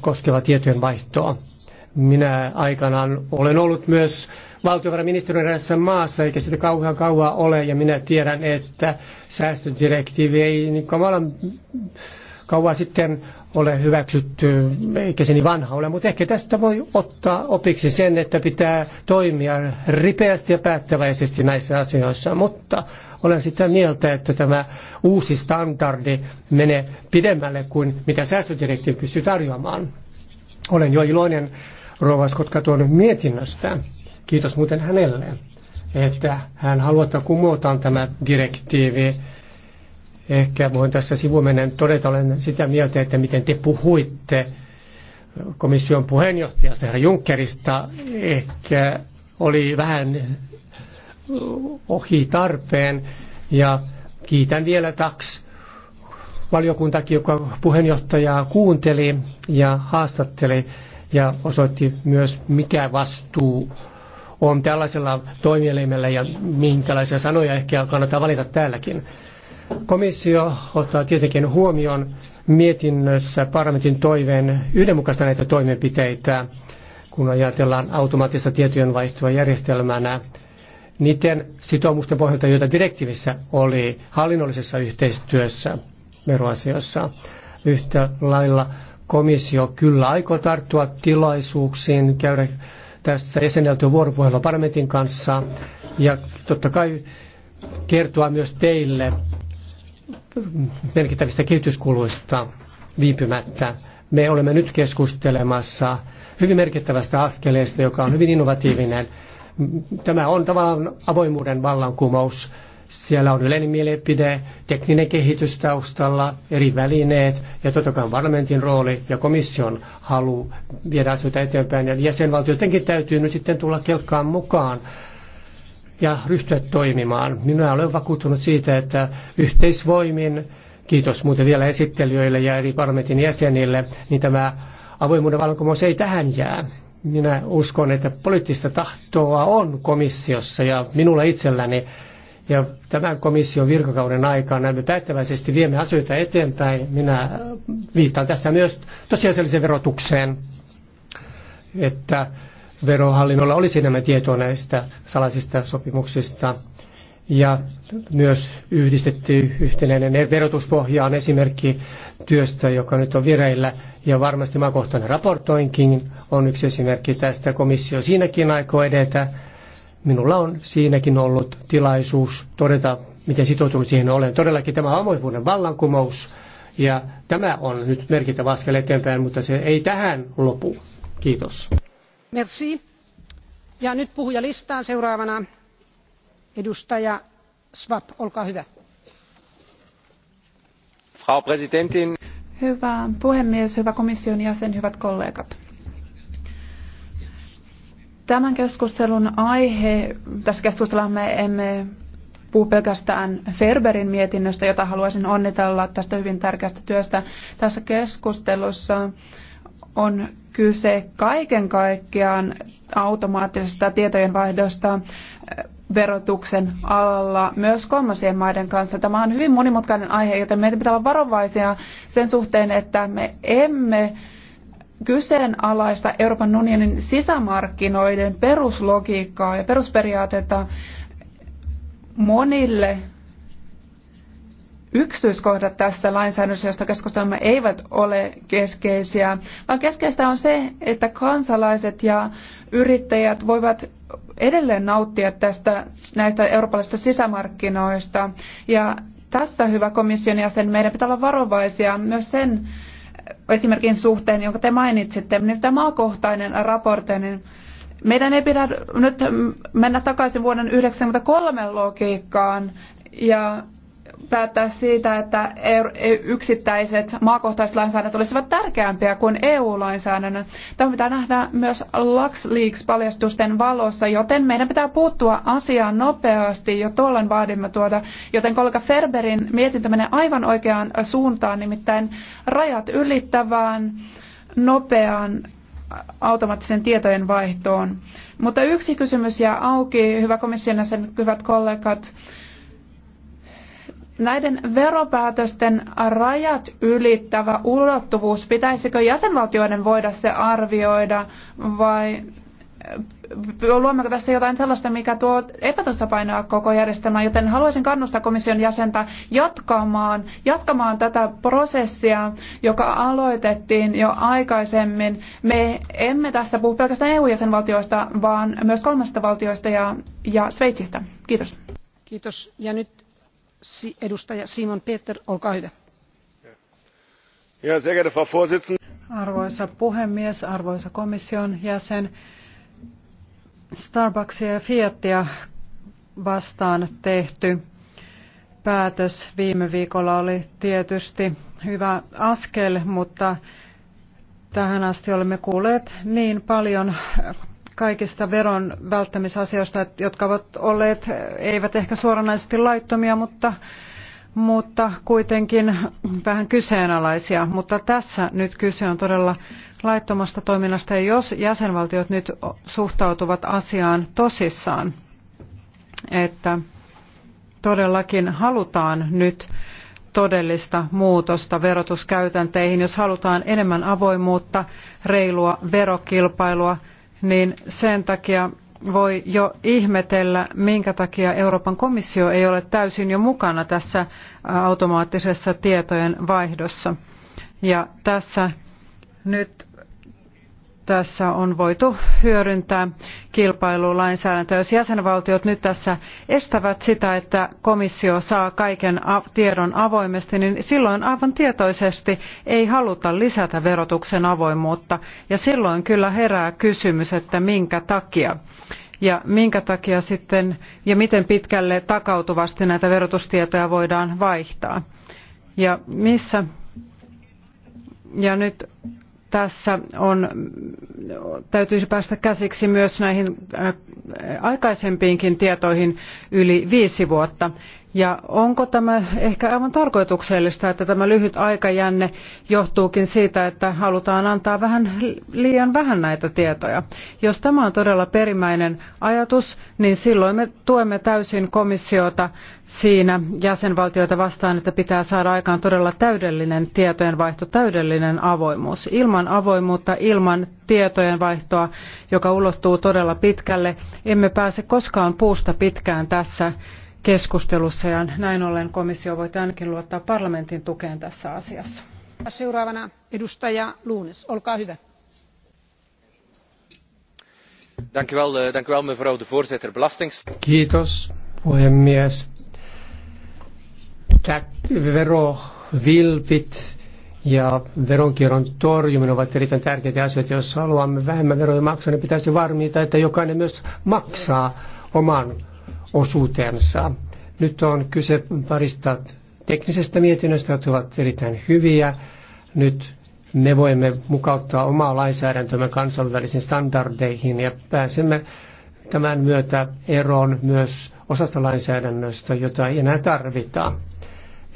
koskeva tietojen vaihtoa. Minä aikanaan olen ollut myös valtiovarainministeriön erässä maassa, eikä sitä kauhean kauan ole, ja minä tiedän, että säästödirektiivi ei niin kauan sitten ole hyväksytty, eikä se niin vanha ole, mutta ehkä tästä voi ottaa opiksi sen, että pitää toimia ripeästi ja päättäväisesti näissä asioissa, mutta olen sitä mieltä, että tämä uusi standardi menee pidemmälle kuin mitä säästödirektiivi pystyy tarjoamaan. Olen jo iloinen Rova Skotka mietinnöstä. Kiitos muuten hänelle, että hän haluaa, että kumotaan tämä direktiivi Ehkä voin tässä sivumennen todeta, olen sitä mieltä, että miten te puhuitte komission puheenjohtajasta, herra Junckerista, ehkä oli vähän ohi tarpeen. Ja kiitän vielä taks valiokuntakin, joka puheenjohtajaa kuunteli ja haastatteli ja osoitti myös, mikä vastuu on tällaisella toimielimellä ja minkälaisia sanoja ehkä kannattaa valita täälläkin. Komissio ottaa tietenkin huomioon mietinnössä parlamentin toiveen yhdenmukaista näitä toimenpiteitä, kun ajatellaan automaattista tietojenvaihtoa järjestelmänä niiden sitoumusten pohjalta, joita direktiivissä oli hallinnollisessa yhteistyössä veroasioissa. Yhtä lailla komissio kyllä aikoo tarttua tilaisuuksiin, käydä tässä jäseneltyä vuoropuhelua parlamentin kanssa ja totta kai kertoa myös teille merkittävistä kehityskuluista viipymättä. Me olemme nyt keskustelemassa hyvin merkittävästä askeleesta, joka on hyvin innovatiivinen. Tämä on tavallaan avoimuuden vallankumous. Siellä on yleinen mielipide, tekninen kehitys taustalla, eri välineet ja totta kai parlamentin rooli ja komission halu viedä asioita eteenpäin. Ja jäsenvaltioidenkin täytyy nyt sitten tulla kelkkaan mukaan ja ryhtyä toimimaan. Minä olen vakuuttunut siitä, että yhteisvoimin, kiitos muuten vielä esittelijöille ja eri parlamentin jäsenille, niin tämä avoimuuden vallankumous ei tähän jää. Minä uskon, että poliittista tahtoa on komissiossa ja minulla itselläni. Ja tämän komission virkakauden aikana me päättäväisesti viemme asioita eteenpäin. Minä viittaan tässä myös tosiasialliseen verotukseen, että verohallinnolla olisi enemmän tietoa näistä salaisista sopimuksista. Ja myös yhdistetty yhtenäinen verotuspohja on esimerkki työstä, joka nyt on vireillä. Ja varmasti maakohtainen raportoinkin on yksi esimerkki tästä. Komissio siinäkin aikoo edetä. Minulla on siinäkin ollut tilaisuus todeta, miten sitoutunut siihen olen. Todellakin tämä avoimuuden vallankumous ja tämä on nyt merkittävä askel eteenpäin, mutta se ei tähän lopu. Kiitos ja nyt puhujalistaan seuraavana edustaja schwab olkaa hyvä. hyvä puhemies hyvä komission jäsen hyvät kollegat tämän keskustelun aihe tässä keskustelussa me emme puhu pelkästään Ferberin mietinnöstä, jota haluaisin onnitella tästä hyvin tärkeästä työstä. Tässä keskustelussa on kyse kaiken kaikkiaan automaattisesta tietojenvaihdosta äh, verotuksen alalla myös kolmansien maiden kanssa. Tämä on hyvin monimutkainen aihe, joten meidän pitää olla varovaisia sen suhteen, että me emme kyseenalaista Euroopan unionin sisämarkkinoiden peruslogiikkaa ja perusperiaatetta monille yksityiskohdat tässä lainsäädännössä, josta keskustelemme, eivät ole keskeisiä, vaan keskeistä on se, että kansalaiset ja yrittäjät voivat edelleen nauttia tästä, näistä eurooppalaisista sisämarkkinoista. Ja tässä, hyvä komission jäsen, meidän pitää olla varovaisia myös sen esimerkin suhteen, jonka te mainitsitte, nimittäin maakohtainen raportti, niin meidän ei pidä nyt mennä takaisin vuoden 1993 logiikkaan ja päättää siitä, että e- yksittäiset maakohtaiset lainsäädännöt olisivat tärkeämpiä kuin EU-lainsäädännön. Tämä pitää nähdä myös LuxLeaks-paljastusten valossa, joten meidän pitää puuttua asiaan nopeasti. Jo tuolloin vaadimme tuota, joten kollega Ferberin mietintö menee aivan oikeaan suuntaan, nimittäin rajat ylittävään nopeaan automaattisen tietojen vaihtoon. Mutta yksi kysymys jää auki, hyvä komission jäsen, hyvät kollegat näiden veropäätösten rajat ylittävä ulottuvuus, pitäisikö jäsenvaltioiden voida se arvioida vai äh, luommeko tässä jotain sellaista, mikä tuo epätasapainoa koko järjestelmään, joten haluaisin kannustaa komission jäsentä jatkamaan, jatkamaan tätä prosessia, joka aloitettiin jo aikaisemmin. Me emme tässä puhu pelkästään EU-jäsenvaltioista, vaan myös kolmesta valtioista ja, ja Sveitsistä. Kiitos. Kiitos. Ja nyt edustaja Simon Peter, olkaa hyvä. Arvoisa puhemies, arvoisa komission jäsen, Starbucksia ja Fiatia vastaan tehty päätös viime viikolla oli tietysti hyvä askel, mutta tähän asti olemme kuulleet niin paljon kaikista veron välttämisasioista, jotka ovat olleet, eivät ehkä suoranaisesti laittomia, mutta, mutta kuitenkin vähän kyseenalaisia. Mutta tässä nyt kyse on todella laittomasta toiminnasta, ja jos jäsenvaltiot nyt suhtautuvat asiaan tosissaan, että todellakin halutaan nyt todellista muutosta verotuskäytänteihin, jos halutaan enemmän avoimuutta, reilua verokilpailua, niin sen takia voi jo ihmetellä, minkä takia Euroopan komissio ei ole täysin jo mukana tässä automaattisessa tietojen vaihdossa. Ja tässä nyt tässä on voitu hyödyntää kilpailulainsäädäntöä. Jos jäsenvaltiot nyt tässä estävät sitä, että komissio saa kaiken tiedon avoimesti, niin silloin aivan tietoisesti ei haluta lisätä verotuksen avoimuutta. Ja silloin kyllä herää kysymys, että minkä takia ja minkä takia sitten ja miten pitkälle takautuvasti näitä verotustietoja voidaan vaihtaa. Ja missä ja nyt tässä on, täytyisi päästä käsiksi myös näihin äh, aikaisempiinkin tietoihin yli viisi vuotta ja onko tämä ehkä aivan tarkoituksellista, että tämä lyhyt aikajänne johtuukin siitä, että halutaan antaa vähän liian vähän näitä tietoja? Jos tämä on todella perimmäinen ajatus, niin silloin me tuemme täysin komissiota siinä jäsenvaltioita vastaan, että pitää saada aikaan todella täydellinen tietojenvaihto, täydellinen avoimuus. Ilman avoimuutta, ilman tietojenvaihtoa, joka ulottuu todella pitkälle, emme pääse koskaan puusta pitkään tässä keskustelussa ja näin ollen komissio voi ainakin luottaa parlamentin tukeen tässä asiassa. Seuraavana edustaja Luunes, olkaa hyvä. Eh, Kiitos puhemies. Verovilpit ja veronkierron torjuminen ovat erittäin tärkeitä asioita. Jos haluamme vähemmän veroja maksaa, niin pitäisi varmistaa, että jokainen myös maksaa oman osuutensa. Nyt on kyse parista teknisestä mietinnöstä, jotka ovat erittäin hyviä. Nyt me voimme mukauttaa omaa lainsäädäntömme kansainvälisiin standardeihin ja pääsemme tämän myötä eroon myös osasta lainsäädännöstä, jota ei enää tarvita.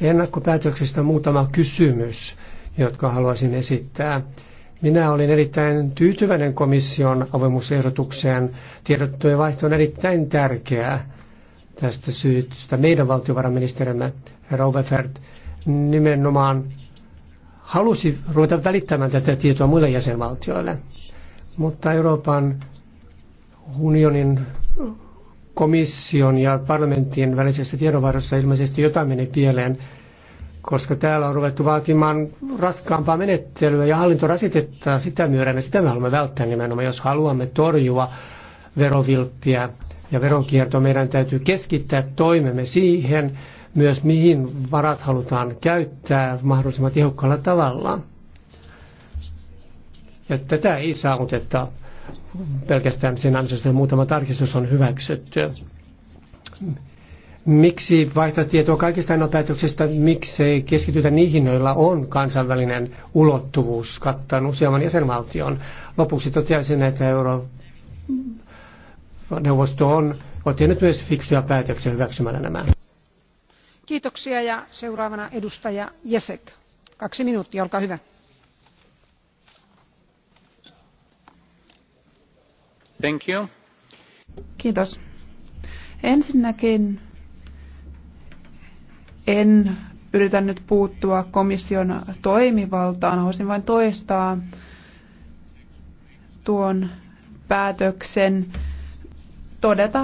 Ennakkopäätöksistä muutama kysymys, jotka haluaisin esittää. Minä olin erittäin tyytyväinen komission avoimuusehdotukseen. Tiedottojen vaihto on erittäin tärkeää. Tästä syystä meidän valtiovarainministerimme Rovefert nimenomaan halusi ruveta välittämään tätä tietoa muille jäsenvaltioille. Mutta Euroopan unionin komission ja parlamenttien välisessä tiedonvaihdossa ilmeisesti jotain meni pieleen, koska täällä on ruvettu vaatimaan raskaampaa menettelyä ja hallintorasitetta sitä myöden, ja sitä me haluamme välttää nimenomaan, jos haluamme torjua verovilppiä ja veronkierto, meidän täytyy keskittää toimemme siihen myös, mihin varat halutaan käyttää mahdollisimman tehokkaalla tavalla. Ja tätä ei saavuteta pelkästään sen ansiosta, että muutama tarkistus on hyväksytty. Miksi vaihtaa tietoa kaikista ennopäätöksistä, miksei keskitytä niihin, joilla on kansainvälinen ulottuvuus kattanut useamman jäsenvaltion? Lopuksi toteaisin, että euro neuvosto on, on tehnyt myös fiksuja päätöksiä hyväksymällä nämä. Kiitoksia ja seuraavana edustaja Jesek. Kaksi minuuttia, olkaa hyvä. Thank you. Kiitos. Ensinnäkin en yritä nyt puuttua komission toimivaltaan, haluaisin vain toistaa tuon päätöksen todeta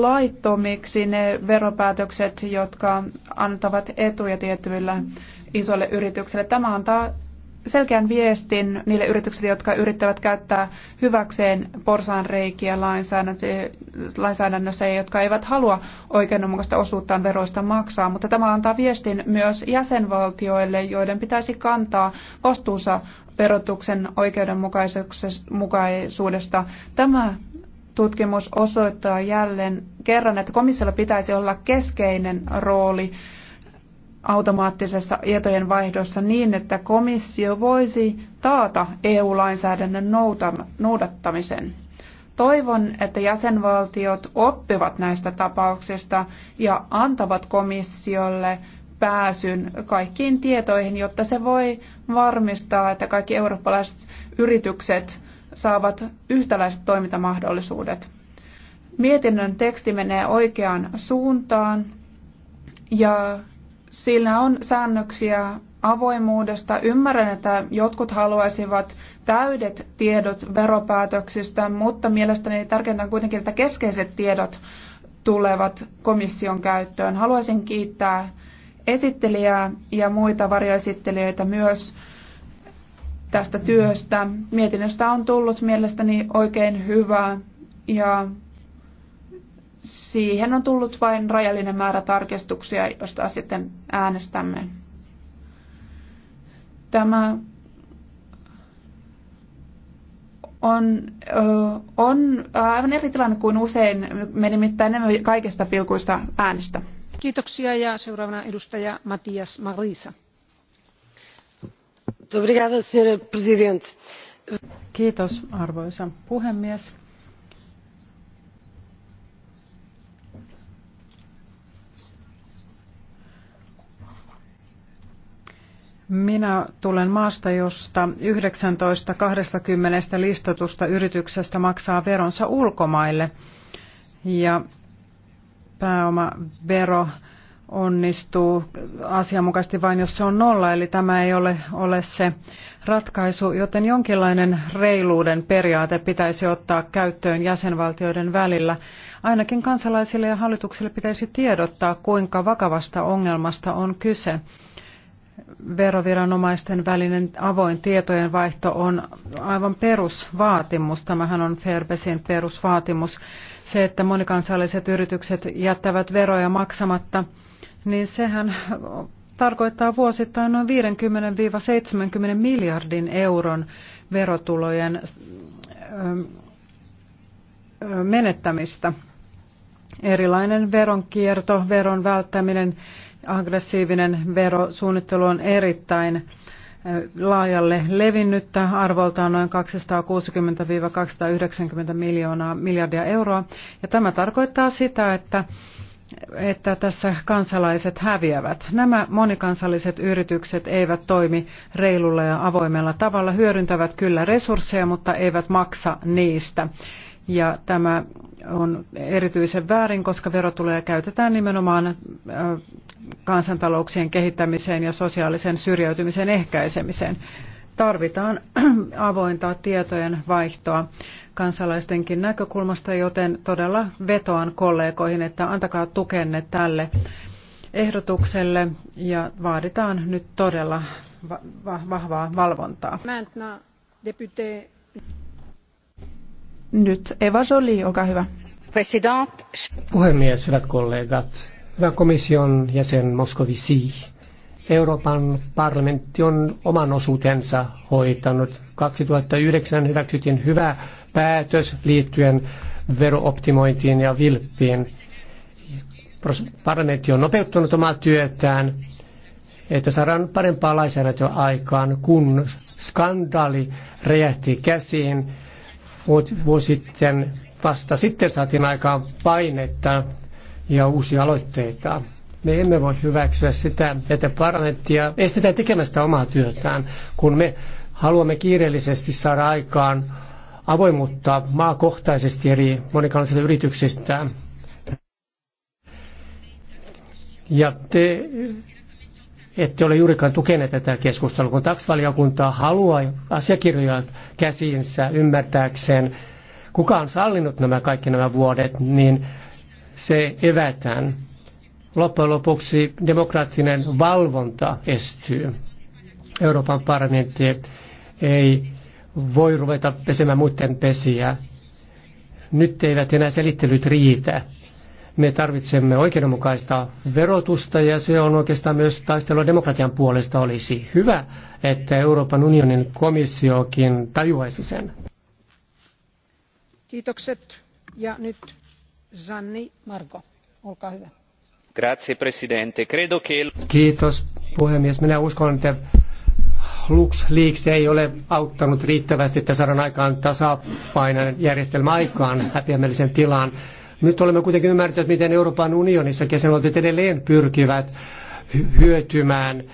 laittomiksi ne veropäätökset, jotka antavat etuja tietyille isoille yrityksille. Tämä antaa selkeän viestin niille yrityksille, jotka yrittävät käyttää hyväkseen porsaanreikiä lainsäädännössä ja jotka eivät halua oikeudenmukaista osuuttaan veroista maksaa. Mutta tämä antaa viestin myös jäsenvaltioille, joiden pitäisi kantaa vastuunsa verotuksen oikeudenmukaisuudesta. Tämä tutkimus osoittaa jälleen kerran, että komissiolla pitäisi olla keskeinen rooli automaattisessa tietojen vaihdossa niin, että komissio voisi taata EU-lainsäädännön noudattamisen. Toivon, että jäsenvaltiot oppivat näistä tapauksista ja antavat komissiolle pääsyn kaikkiin tietoihin, jotta se voi varmistaa, että kaikki eurooppalaiset yritykset saavat yhtäläiset toimintamahdollisuudet. Mietinnön teksti menee oikeaan suuntaan ja sillä on säännöksiä avoimuudesta. Ymmärrän, että jotkut haluaisivat täydet tiedot veropäätöksistä, mutta mielestäni tärkeintä on kuitenkin, että keskeiset tiedot tulevat komission käyttöön. Haluaisin kiittää esittelijää ja muita varjoesittelijöitä myös tästä työstä. Mietinnöstä on tullut mielestäni oikein hyvä ja siihen on tullut vain rajallinen määrä tarkistuksia, josta sitten äänestämme. Tämä on, on aivan eri tilanne kuin usein. Me nimittäin emme kaikista pilkuista äänestä. Kiitoksia ja seuraavana edustaja Matias Marisa Kiitos, arvoisa puhemies. Minä tulen maasta, josta yhdeksäntoista kahdestakymmenestä listatusta yrityksestä maksaa veronsa ulkomaille. Ja pääomavero onnistuu asianmukaisesti vain, jos se on nolla, eli tämä ei ole, ole se ratkaisu, joten jonkinlainen reiluuden periaate pitäisi ottaa käyttöön jäsenvaltioiden välillä. Ainakin kansalaisille ja hallituksille pitäisi tiedottaa, kuinka vakavasta ongelmasta on kyse. Veroviranomaisten välinen avoin tietojen vaihto on aivan perusvaatimus. Tämähän on Ferbesin perusvaatimus. Se, että monikansalliset yritykset jättävät veroja maksamatta – niin sehän tarkoittaa vuosittain noin 50-70 miljardin euron verotulojen ähm, äh, menettämistä. Erilainen veronkierto, veron välttäminen, aggressiivinen verosuunnittelu on erittäin äh, laajalle levinnyttä, arvoltaan noin 260-290 miljoonaa miljardia euroa. Ja tämä tarkoittaa sitä, että että tässä kansalaiset häviävät. Nämä monikansalliset yritykset eivät toimi reilulla ja avoimella tavalla, hyödyntävät kyllä resursseja, mutta eivät maksa niistä. Ja tämä on erityisen väärin, koska verotuloja käytetään nimenomaan kansantalouksien kehittämiseen ja sosiaalisen syrjäytymisen ehkäisemiseen. Tarvitaan avointa tietojen vaihtoa kansalaistenkin näkökulmasta, joten todella vetoan kollegoihin, että antakaa tukenne tälle ehdotukselle ja vaaditaan nyt todella vahvaa valvontaa. Nyt Eva Soli, olkaa hyvä. President. Puhemies, hyvät kollegat, hyvä komission jäsen Moskovisi. Euroopan parlamentti on oman osuutensa hoitanut. 2009 hyväksyttiin hyvä päätös liittyen verooptimointiin ja vilppiin. Parlamentti on nopeuttanut omaa työtään, että saadaan parempaa lainsäädäntöä aikaan, kun skandaali räjähti käsiin vuosi sitten. Vasta sitten saatiin aikaan painetta ja uusia aloitteita. Me emme voi hyväksyä sitä, että parlamenttia estetään tekemästä omaa työtään, kun me haluamme kiireellisesti saada aikaan avoimuutta maakohtaisesti eri monikansallisista yrityksistä. Ja te ette ole juurikaan tukeneet tätä keskustelua, kun taksivaliokunta haluaa asiakirjoja käsiinsä ymmärtääkseen, kuka on sallinut nämä kaikki nämä vuodet, niin se evätään. Loppujen lopuksi demokraattinen valvonta estyy. Euroopan parlamentti ei voi ruveta pesemään muiden pesiä. Nyt eivät enää selittelyt riitä. Me tarvitsemme oikeudenmukaista verotusta ja se on oikeastaan myös taistelua demokratian puolesta. Olisi hyvä, että Euroopan unionin komissiokin tajuaisi sen. Kiitokset. Ja nyt Zanni Marko, olkaa hyvä. Grazie, Presidente. Credo che... Kiitos, puhemies. Minä uskon, että LuxLeaks ei ole auttanut riittävästi että saadaan aikaan tasapainoinen järjestelmä aikaan häpeämällisen tilaan. Nyt olemme kuitenkin ymmärtäneet, miten Euroopan unionissa jäsenvaltiot edelleen pyrkivät hyötymään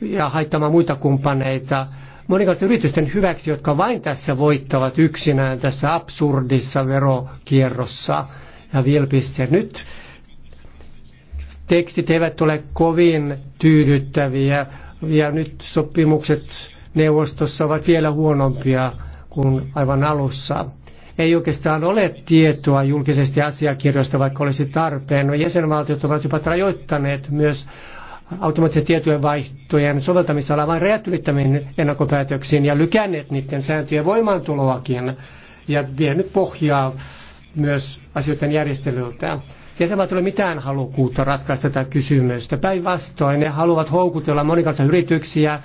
ja haittamaan muita kumppaneita monikaisten yritysten hyväksi, jotka vain tässä voittavat yksinään tässä absurdissa verokierrossa ja vilpissä. Nyt tekstit eivät ole kovin tyydyttäviä ja nyt sopimukset neuvostossa ovat vielä huonompia kuin aivan alussa. Ei oikeastaan ole tietoa julkisesti asiakirjoista, vaikka olisi tarpeen. No, jäsenvaltiot ovat jopa rajoittaneet myös automaattisen tietojen vaihtojen soveltamisalaa vain rajat ylittämiin ennakkopäätöksiin ja lykänneet niiden sääntöjen voimaantuloakin ja vienyt pohjaa myös asioiden järjestelyltä jäsenmaat ei ole mitään halukkuutta ratkaista tätä kysymystä. Päinvastoin ne haluavat houkutella monikansa yrityksiä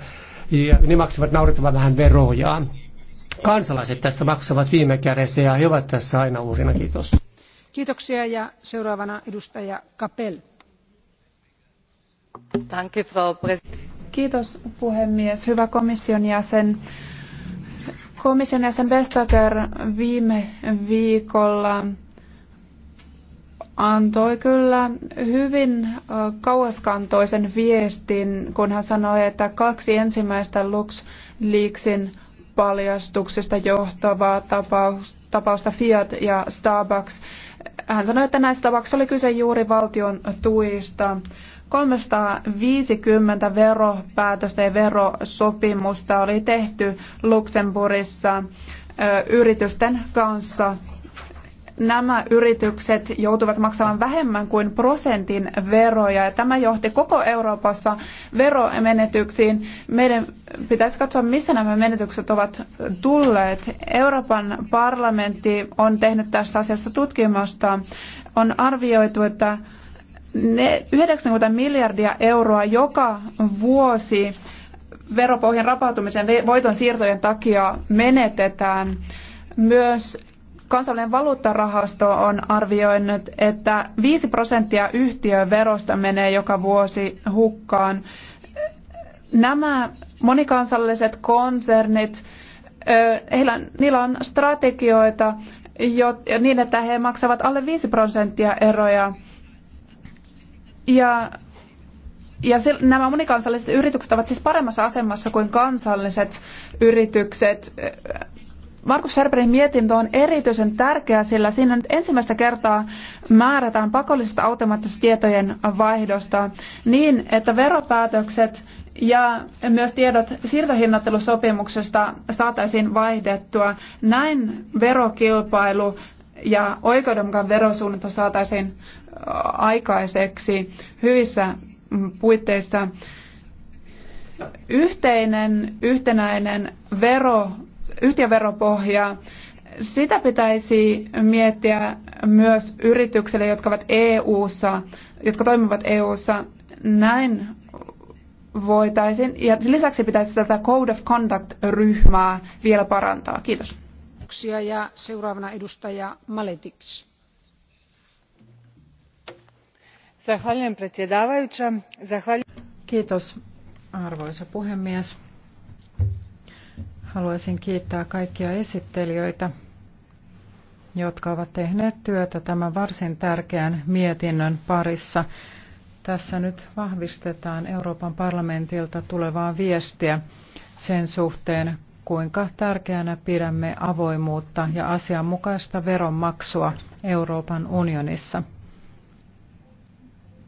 ja ne maksavat naurettavan vähän veroja. Kansalaiset tässä maksavat viime kädessä ja he ovat tässä aina uhrina. Kiitos. Kiitoksia ja seuraavana edustaja Kapel. Kiitos puhemies. Hyvä komission jäsen. Komission jäsen Vestager viime viikolla antoi kyllä hyvin kauaskantoisen viestin, kun hän sanoi, että kaksi ensimmäistä Leaksin paljastuksista johtavaa tapausta Fiat ja Starbucks. Hän sanoi, että näissä tapauksissa oli kyse juuri valtion tuista. 350 veropäätöstä ja verosopimusta oli tehty Luxemburgissa yritysten kanssa nämä yritykset joutuvat maksamaan vähemmän kuin prosentin veroja. Ja tämä johti koko Euroopassa veromenetyksiin. Meidän pitäisi katsoa, missä nämä menetykset ovat tulleet. Euroopan parlamentti on tehnyt tässä asiassa tutkimusta. On arvioitu, että 90 miljardia euroa joka vuosi veropohjan rapautumisen voiton siirtojen takia menetetään. Myös Kansainvälinen valuuttarahasto on arvioinut, että 5 prosenttia yhtiöverosta menee joka vuosi hukkaan. Nämä monikansalliset konsernit, heillä, niillä on strategioita jo, niin, että he maksavat alle 5 prosenttia eroja. Ja, ja se, nämä monikansalliset yritykset ovat siis paremmassa asemassa kuin kansalliset yritykset Markus Ferberin mietintö on erityisen tärkeä, sillä siinä nyt ensimmäistä kertaa määrätään pakollisesta automaattisesta tietojen vaihdosta niin, että veropäätökset ja myös tiedot siirtohinnattelusopimuksesta saataisiin vaihdettua. Näin verokilpailu ja oikeudenmukainen verosuunnitelma saataisiin äh, aikaiseksi hyvissä mm, puitteissa. Yhteinen, yhtenäinen vero yhtiöveropohjaa, sitä pitäisi miettiä myös yrityksille, jotka ovat EU-ssa, jotka toimivat EU-ssa. Näin voitaisiin. Ja lisäksi pitäisi tätä Code of Conduct-ryhmää vielä parantaa. Kiitos. Kiitoksia ja seuraavana edustaja Maletics. Kiitos arvoisa puhemies. Haluaisin kiittää kaikkia esittelijöitä, jotka ovat tehneet työtä tämän varsin tärkeän mietinnön parissa. Tässä nyt vahvistetaan Euroopan parlamentilta tulevaa viestiä sen suhteen, kuinka tärkeänä pidämme avoimuutta ja asianmukaista veronmaksua Euroopan unionissa.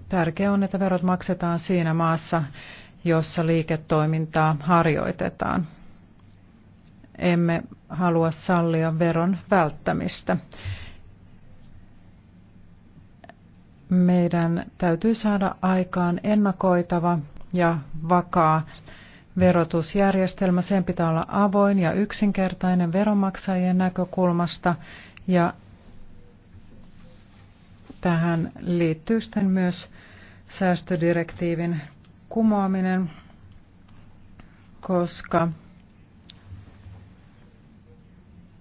Tärkeää on, että verot maksetaan siinä maassa, jossa liiketoimintaa harjoitetaan emme halua sallia veron välttämistä. Meidän täytyy saada aikaan ennakoitava ja vakaa verotusjärjestelmä. Sen pitää olla avoin ja yksinkertainen veronmaksajien näkökulmasta ja tähän liittyy sitten myös säästödirektiivin kumoaminen, koska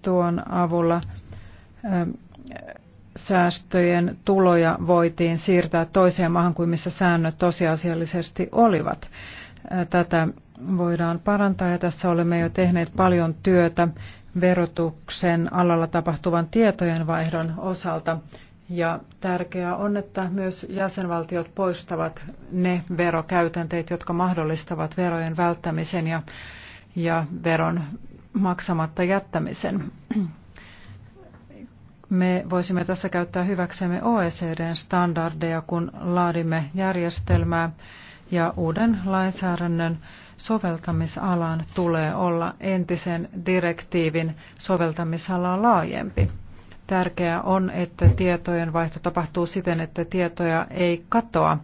tuon avulla ähm, säästöjen tuloja voitiin siirtää toiseen maahan kuin missä säännöt tosiasiallisesti olivat. Äh, tätä voidaan parantaa ja tässä olemme jo tehneet paljon työtä verotuksen alalla tapahtuvan tietojenvaihdon osalta. Ja tärkeää on, että myös jäsenvaltiot poistavat ne verokäytänteet, jotka mahdollistavat verojen välttämisen ja, ja veron maksamatta jättämisen. Me voisimme tässä käyttää hyväksemme OECDn standardeja, kun laadimme järjestelmää ja uuden lainsäädännön soveltamisalan tulee olla entisen direktiivin soveltamisala laajempi. Tärkeää on, että tietojen vaihto tapahtuu siten, että tietoja ei katoa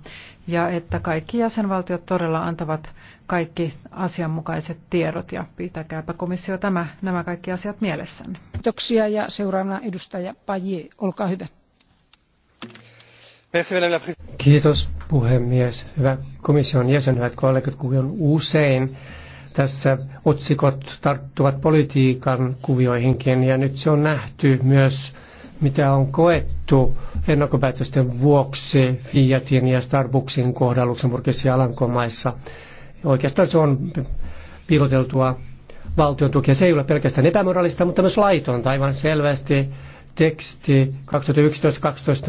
ja että kaikki jäsenvaltiot todella antavat kaikki asianmukaiset tiedot ja pitäkääpä komissio tämä, nämä kaikki asiat mielessänne. Kiitoksia ja seuraavana edustaja Paje, olkaa hyvä. Kiitos puhemies. Hyvä komission jäsen, hyvät kollegat, kuvion usein tässä otsikot tarttuvat politiikan kuvioihinkin ja nyt se on nähty myös mitä on koettu ennakkopäätösten vuoksi Fiatin ja Starbucksin kohdalla Luxemburgissa ja Alankomaissa. Oikeastaan se on piiloteltua valtion tukea. Se ei ole pelkästään epämoraalista, mutta myös laitonta aivan selvästi. Teksti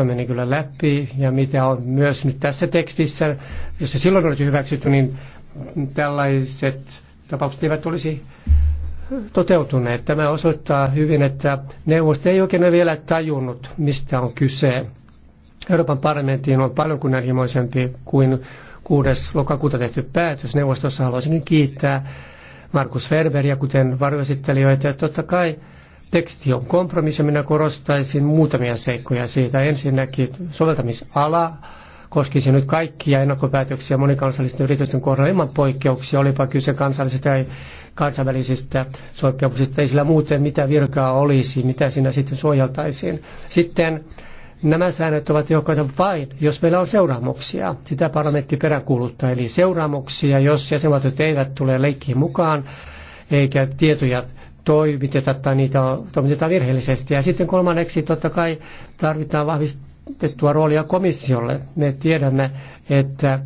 2011-2012 meni kyllä läpi ja mitä on myös nyt tässä tekstissä, jos se silloin olisi hyväksytty, niin tällaiset tapaukset eivät olisi toteutuneet. Tämä osoittaa hyvin, että neuvosto ei oikein ole vielä tajunnut, mistä on kyse. Euroopan parlamenttiin on paljon kunnianhimoisempi kuin 6. lokakuuta tehty päätös neuvostossa. Haluaisinkin kiittää Markus Ferberia, kuten varjoesittelijöitä. Totta kai teksti on kompromissi. Minä korostaisin muutamia seikkoja siitä. Ensinnäkin soveltamisala koskisi nyt kaikkia ennakkopäätöksiä monikansallisten yritysten kohdalla ilman poikkeuksia, olipa kyse kansallisista tai kansainvälisistä sopimuksista, ei sillä muuten mitä virkaa olisi, mitä siinä sitten suojeltaisiin. Sitten Nämä säännöt ovat tehokkaita vain, jos meillä on seuraamuksia. Sitä parlamentti peräkuuluttaa, eli seuraamuksia, jos jäsenvaltiot eivät tule leikkiin mukaan, eikä tietoja toimiteta tai niitä toimitetaan virheellisesti. Ja sitten kolmanneksi totta kai tarvitaan vahvistettua roolia komissiolle. Me tiedämme, että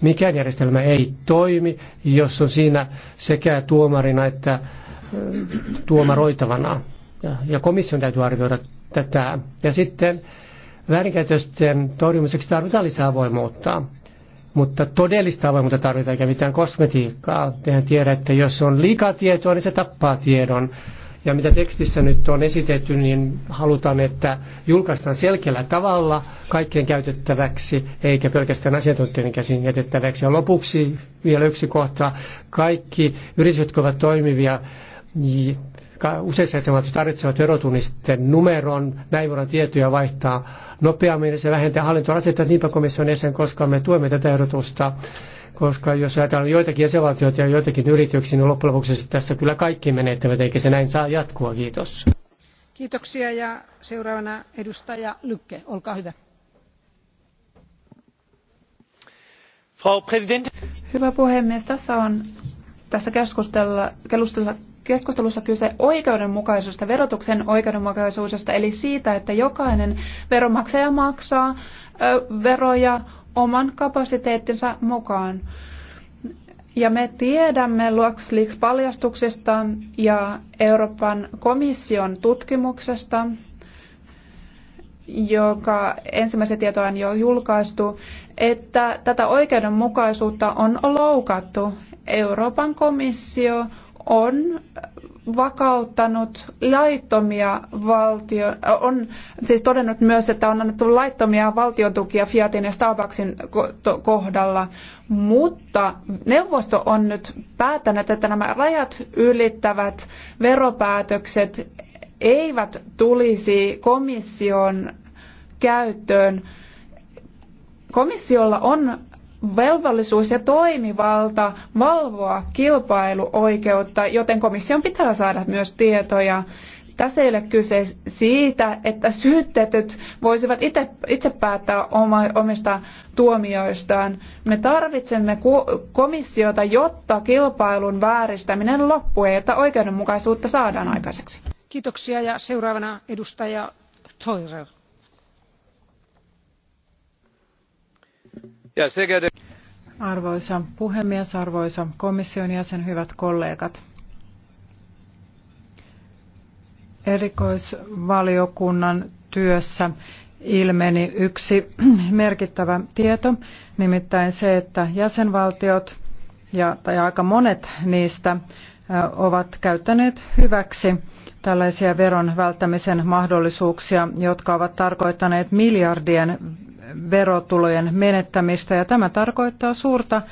mikään järjestelmä ei toimi, jos on siinä sekä tuomarina että äh, tuomaroitavana. Ja komission täytyy arvioida tätä. Ja sitten Väärinkäytösten torjumiseksi tarvitaan lisää avoimuutta, mutta todellista avoimuutta tarvitaan eikä mitään kosmetiikkaa. Tehän tiedä, että jos on liikaa tietoa, niin se tappaa tiedon. Ja mitä tekstissä nyt on esitetty, niin halutaan, että julkaistaan selkeällä tavalla kaikkien käytettäväksi, eikä pelkästään asiantuntijoiden käsin jätettäväksi. Ja lopuksi vielä yksi kohta. Kaikki yritykset, jotka ovat toimivia Useissa jäsenvaltiot tarvitsevat verotunnisten numeron, näin voidaan tietoja vaihtaa nopeammin. Se vähentää hallintorasetetta niinpä komission jäsen, koska me tuemme tätä ehdotusta. Koska jos ajatellaan joitakin jäsenvaltioita ja joitakin yrityksiä, niin loppujen lopuksi tässä kyllä kaikki menettävät, eikä se näin saa jatkua. Kiitos. Kiitoksia ja seuraavana edustaja Lykke, olkaa hyvä. Frau Hyvä puhemies, tässä on tässä keskustella, keskustella, keskustelussa kyse oikeudenmukaisuudesta, verotuksen oikeudenmukaisuudesta, eli siitä, että jokainen veronmaksaja maksaa veroja oman kapasiteettinsa mukaan. Ja me tiedämme LuxLeaks-paljastuksesta ja Euroopan komission tutkimuksesta, joka ensimmäisen tietoja on jo julkaistu, että tätä oikeudenmukaisuutta on loukattu. Euroopan komissio on vakauttanut laittomia valtio, on siis todennut myös, että on annettu laittomia valtiontukia Fiatin ja Starbucksin kohdalla, mutta neuvosto on nyt päättänyt, että nämä rajat ylittävät veropäätökset eivät tulisi komission käyttöön. Komissiolla on velvollisuus ja toimivalta valvoa kilpailuoikeutta, joten komission pitää saada myös tietoja. Tässä ei ole kyse siitä, että syytetyt voisivat itse, itse päättää oma, omista tuomioistaan. Me tarvitsemme komissiota, jotta kilpailun vääristäminen loppuu ja jotta oikeudenmukaisuutta saadaan aikaiseksi. Kiitoksia ja seuraavana edustaja Toirer Arvoisa puhemies, arvoisa komission jäsen, hyvät kollegat. Erikoisvaliokunnan työssä ilmeni yksi merkittävä tieto, nimittäin se, että jäsenvaltiot ja, tai aika monet niistä ovat käyttäneet hyväksi tällaisia veron välttämisen mahdollisuuksia, jotka ovat tarkoittaneet miljardien verotulojen menettämistä ja tämä tarkoittaa suurta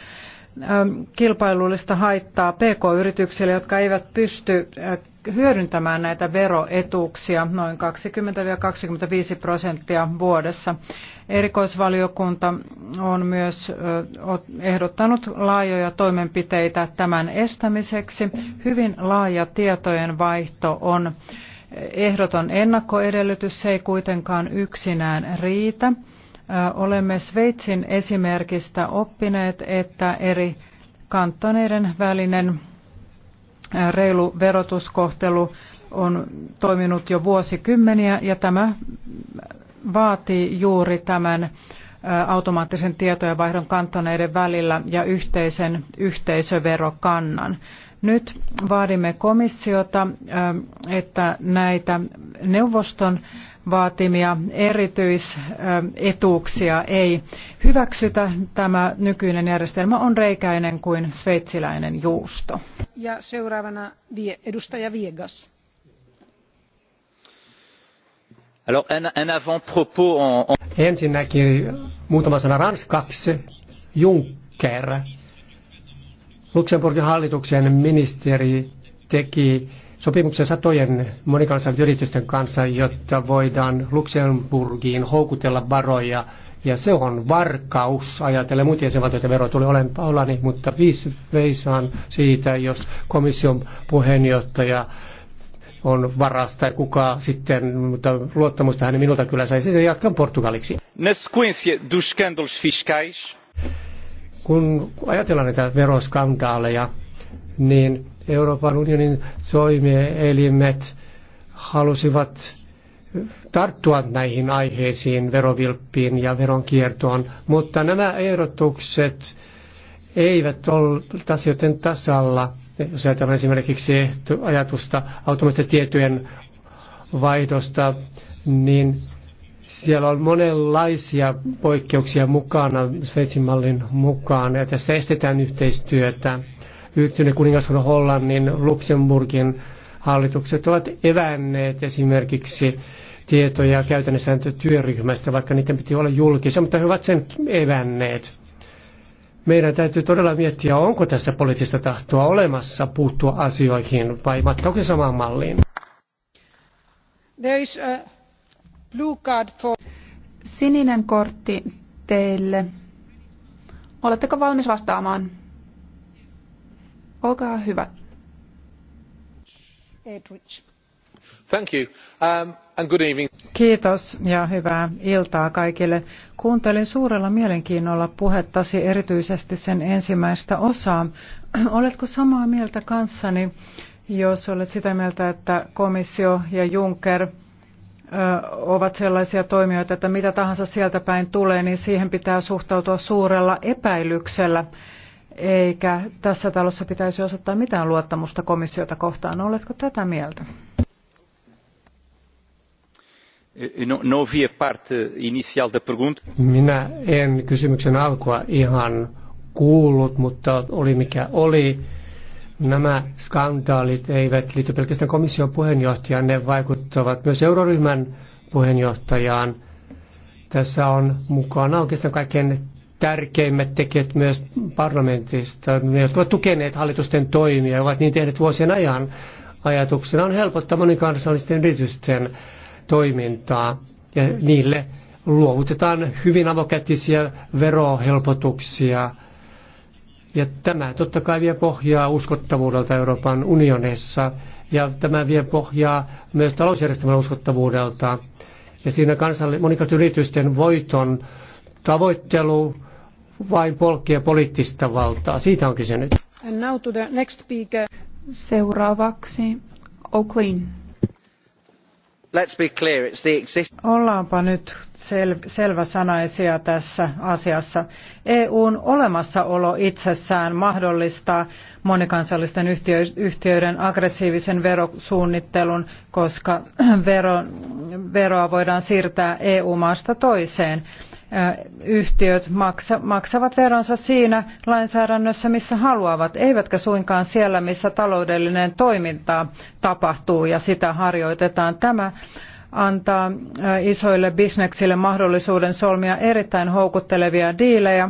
kilpailullista haittaa PK-yrityksille, jotka eivät pysty hyödyntämään näitä veroetuuksia noin 20-25 prosenttia vuodessa. Erikoisvaliokunta on myös ehdottanut laajoja toimenpiteitä tämän estämiseksi. Hyvin laaja tietojenvaihto on ehdoton ennakkoedellytys, se ei kuitenkaan yksinään riitä. Olemme Sveitsin esimerkistä oppineet, että eri kantoneiden välinen reilu verotuskohtelu on toiminut jo vuosikymmeniä ja tämä vaatii juuri tämän automaattisen tietojenvaihdon kantoneiden välillä ja yhteisen yhteisöverokannan. Nyt vaadimme komissiota, että näitä neuvoston vaatimia erityisetuuksia ei hyväksytä. Tämä nykyinen järjestelmä on reikäinen kuin sveitsiläinen juusto. Ja seuraavana vie, edustaja Viegas. Alors, un, un avant propos en, en... Ensinnäkin muutama sana ranskaksi. Juncker, Luxemburgin hallituksen ministeri, teki sopimuksen satojen monikansallisten yritysten kanssa, jotta voidaan Luxemburgiin houkutella varoja. Ja se on varkaus, ajatellen muita jäsenvaltioita vero tuli olemaan mutta viisi veisaan siitä, jos komission puheenjohtaja on varasta ja kuka sitten, mutta luottamusta hänen minulta kyllä saisi, ja jatkan portugaliksi. Kun ajatellaan näitä veroskandaaleja, niin Euroopan unionin toimielimet halusivat tarttua näihin aiheisiin, verovilppiin ja veronkiertoon, mutta nämä ehdotukset eivät ole asioiden tasalla. Jos ajatellaan esimerkiksi ajatusta automaattisten tietojen vaihdosta, niin siellä on monenlaisia poikkeuksia mukana Sveitsin mallin mukaan, ja tässä estetään yhteistyötä yhtyneen kuningaskunnan Hollannin, Luxemburgin hallitukset ovat evänneet esimerkiksi tietoja työryhmästä, vaikka niiden piti olla julkisia, mutta he ovat sen evänneet. Meidän täytyy todella miettiä, onko tässä poliittista tahtoa olemassa puuttua asioihin vai matkaako samaan malliin. There is a blue card for... Sininen kortti teille. Oletteko valmis vastaamaan? Olkaa hyvä. Thank you. Um, and good evening. Kiitos ja hyvää iltaa kaikille. Kuuntelin suurella mielenkiinnolla puhettasi erityisesti sen ensimmäistä osaa. Oletko samaa mieltä kanssani, jos olet sitä mieltä, että komissio ja Juncker ovat sellaisia toimijoita, että mitä tahansa sieltä päin tulee, niin siihen pitää suhtautua suurella epäilyksellä eikä tässä talossa pitäisi osoittaa mitään luottamusta komissiota kohtaan. Oletko tätä mieltä? Eh, no, no Minä en kysymyksen alkua ihan kuullut, mutta oli mikä oli. Nämä skandaalit eivät liity pelkästään komission puheenjohtajaan, ne vaikuttavat myös euroryhmän puheenjohtajaan. Tässä on mukana oikeastaan kaikkein tärkeimmät tekijät myös parlamentista, ne, jotka ovat tukeneet hallitusten toimia ja ovat niin tehneet vuosien ajan. Ajatuksena on helpottaa monikansallisten yritysten toimintaa ja niille luovutetaan hyvin avokätisiä verohelpotuksia. Ja tämä totta kai vie pohjaa uskottavuudelta Euroopan unionissa ja tämä vie pohjaa myös talousjärjestelmän uskottavuudelta. Ja siinä kansalli- monikat yritysten voiton tavoittelu vain polkea poliittista valtaa. Siitä on kyse nyt. And now to the next speaker. Seuraavaksi O'Clean. Let's be clear, it's the exist- Ollaanpa nyt sel- sanaisia tässä asiassa. EUn olemassaolo itsessään mahdollistaa monikansallisten yhtiö- yhtiöiden aggressiivisen verosuunnittelun, koska vero- veroa voidaan siirtää EU-maasta toiseen yhtiöt maksavat veronsa siinä lainsäädännössä, missä haluavat, eivätkä suinkaan siellä, missä taloudellinen toiminta tapahtuu ja sitä harjoitetaan. Tämä antaa isoille bisneksille mahdollisuuden solmia erittäin houkuttelevia diilejä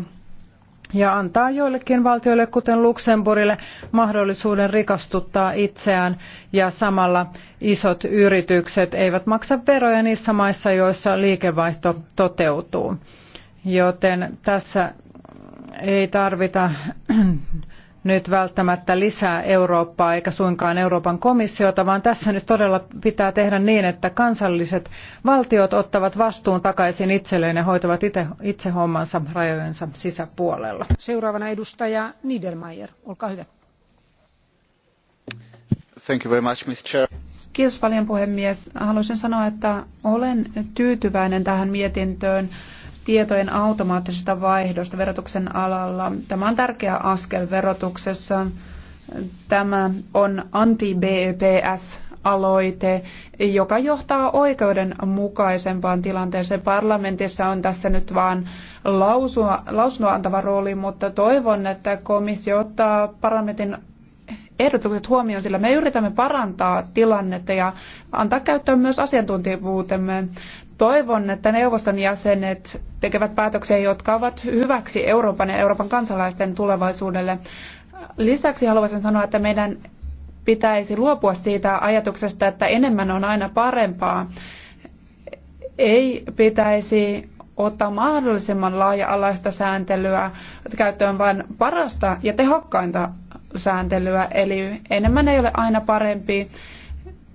ja antaa joillekin valtioille, kuten Luxemburgille, mahdollisuuden rikastuttaa itseään ja samalla isot yritykset eivät maksa veroja niissä maissa, joissa liikevaihto toteutuu. Joten tässä ei tarvita nyt välttämättä lisää Eurooppaa eikä suinkaan Euroopan komissiota, vaan tässä nyt todella pitää tehdä niin, että kansalliset valtiot ottavat vastuun takaisin itselleen ja hoitavat itse, itse hommansa rajojensa sisäpuolella. Seuraavana edustaja Niedermayer, olkaa hyvä. Thank you very much, Ms. Chair. Kiitos paljon puhemies. Haluaisin sanoa, että olen tyytyväinen tähän mietintöön tietojen automaattisesta vaihdosta verotuksen alalla. Tämä on tärkeä askel verotuksessa. Tämä on anti-BEPS aloite, joka johtaa oikeudenmukaisempaan tilanteeseen. Parlamentissa on tässä nyt vain lausunnon antava rooli, mutta toivon, että komissio ottaa parlamentin ehdotukset huomioon, sillä me yritämme parantaa tilannetta ja antaa käyttöön myös asiantuntijuutemme. Toivon, että neuvoston jäsenet tekevät päätöksiä, jotka ovat hyväksi Euroopan ja Euroopan kansalaisten tulevaisuudelle. Lisäksi haluaisin sanoa, että meidän pitäisi luopua siitä ajatuksesta, että enemmän on aina parempaa. Ei pitäisi ottaa mahdollisimman laaja-alaista sääntelyä käyttöön, vaan parasta ja tehokkainta sääntelyä, eli enemmän ei ole aina parempi.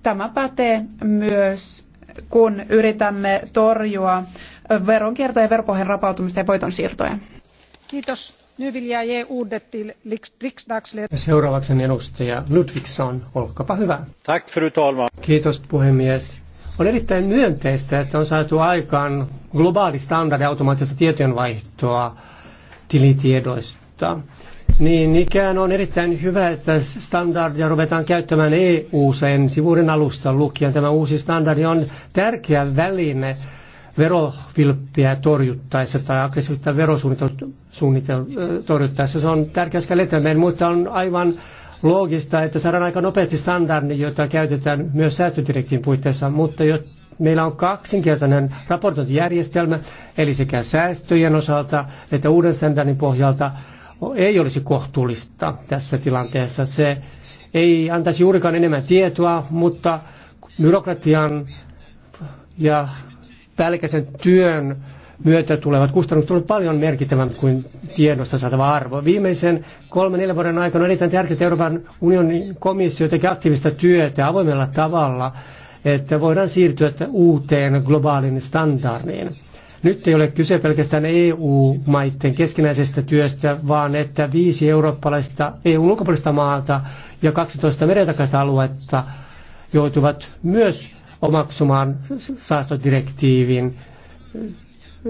Tämä pätee myös kun yritämme torjua veronkiertoa ja veropohjan rapautumista ja voitonsiirtoja. Kiitos. Seuraavaksi edustaja Ludvigsson, olkapa hyvä. Tack fru talman. Kiitos puhemies. On erittäin myönteistä, että on saatu aikaan globaali standardi automaattista tietojenvaihtoa tilitiedoista. Niin ikään on erittäin hyvä, että standardia ruvetaan käyttämään EU-sen sivuuden alusta lukien. Tämä uusi standardi on tärkeä väline verovilppiä torjuttaessa tai aggressiivista verosuunnitelmaa torjuttaessa. Se on tärkeä askel eteenpäin, mutta on aivan loogista, että saadaan aika nopeasti standardi, jota käytetään myös säästödirektiin puitteissa, mutta jo meillä on kaksinkertainen raportointijärjestelmä, eli sekä säästöjen osalta että uuden standardin pohjalta – ei olisi kohtuullista tässä tilanteessa. Se ei antaisi juurikaan enemmän tietoa, mutta byrokratian ja pälkäisen työn myötä tulevat kustannukset ovat paljon merkittävämmät kuin tiedosta saatava arvo. Viimeisen kolmen neljän vuoden aikana on erittäin tärkeää, että Euroopan unionin komissio tekee aktiivista työtä avoimella tavalla, että voidaan siirtyä uuteen globaaliin standardiin. Nyt ei ole kyse pelkästään EU-maiden keskinäisestä työstä, vaan että viisi eurooppalaista EU-ulkopuolista maata ja 12 meretakaista aluetta joutuvat myös omaksumaan saastodirektiivin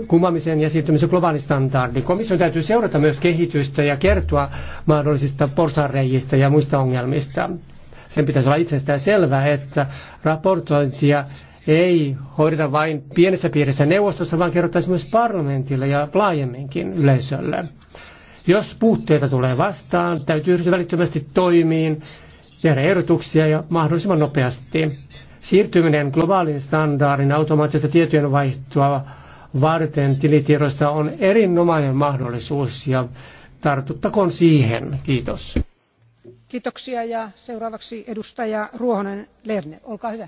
kumamisen ja siirtymisen globaalin standardin. Komission täytyy seurata myös kehitystä ja kertoa mahdollisista porsareijistä ja muista ongelmista. Sen pitäisi olla itsestään selvää, että raportointia ei hoideta vain pienessä piirissä neuvostossa, vaan kerrottaisiin myös parlamentille ja laajemminkin yleisölle. Jos puutteita tulee vastaan, täytyy ryhtyä välittömästi toimiin, tehdä ehdotuksia ja mahdollisimman nopeasti. Siirtyminen globaalin standardin automaattista vaihtoa varten tilitiedosta on erinomainen mahdollisuus ja tartuttakoon siihen. Kiitos. Kiitoksia ja seuraavaksi edustaja Ruohonen Lerne. Olkaa hyvä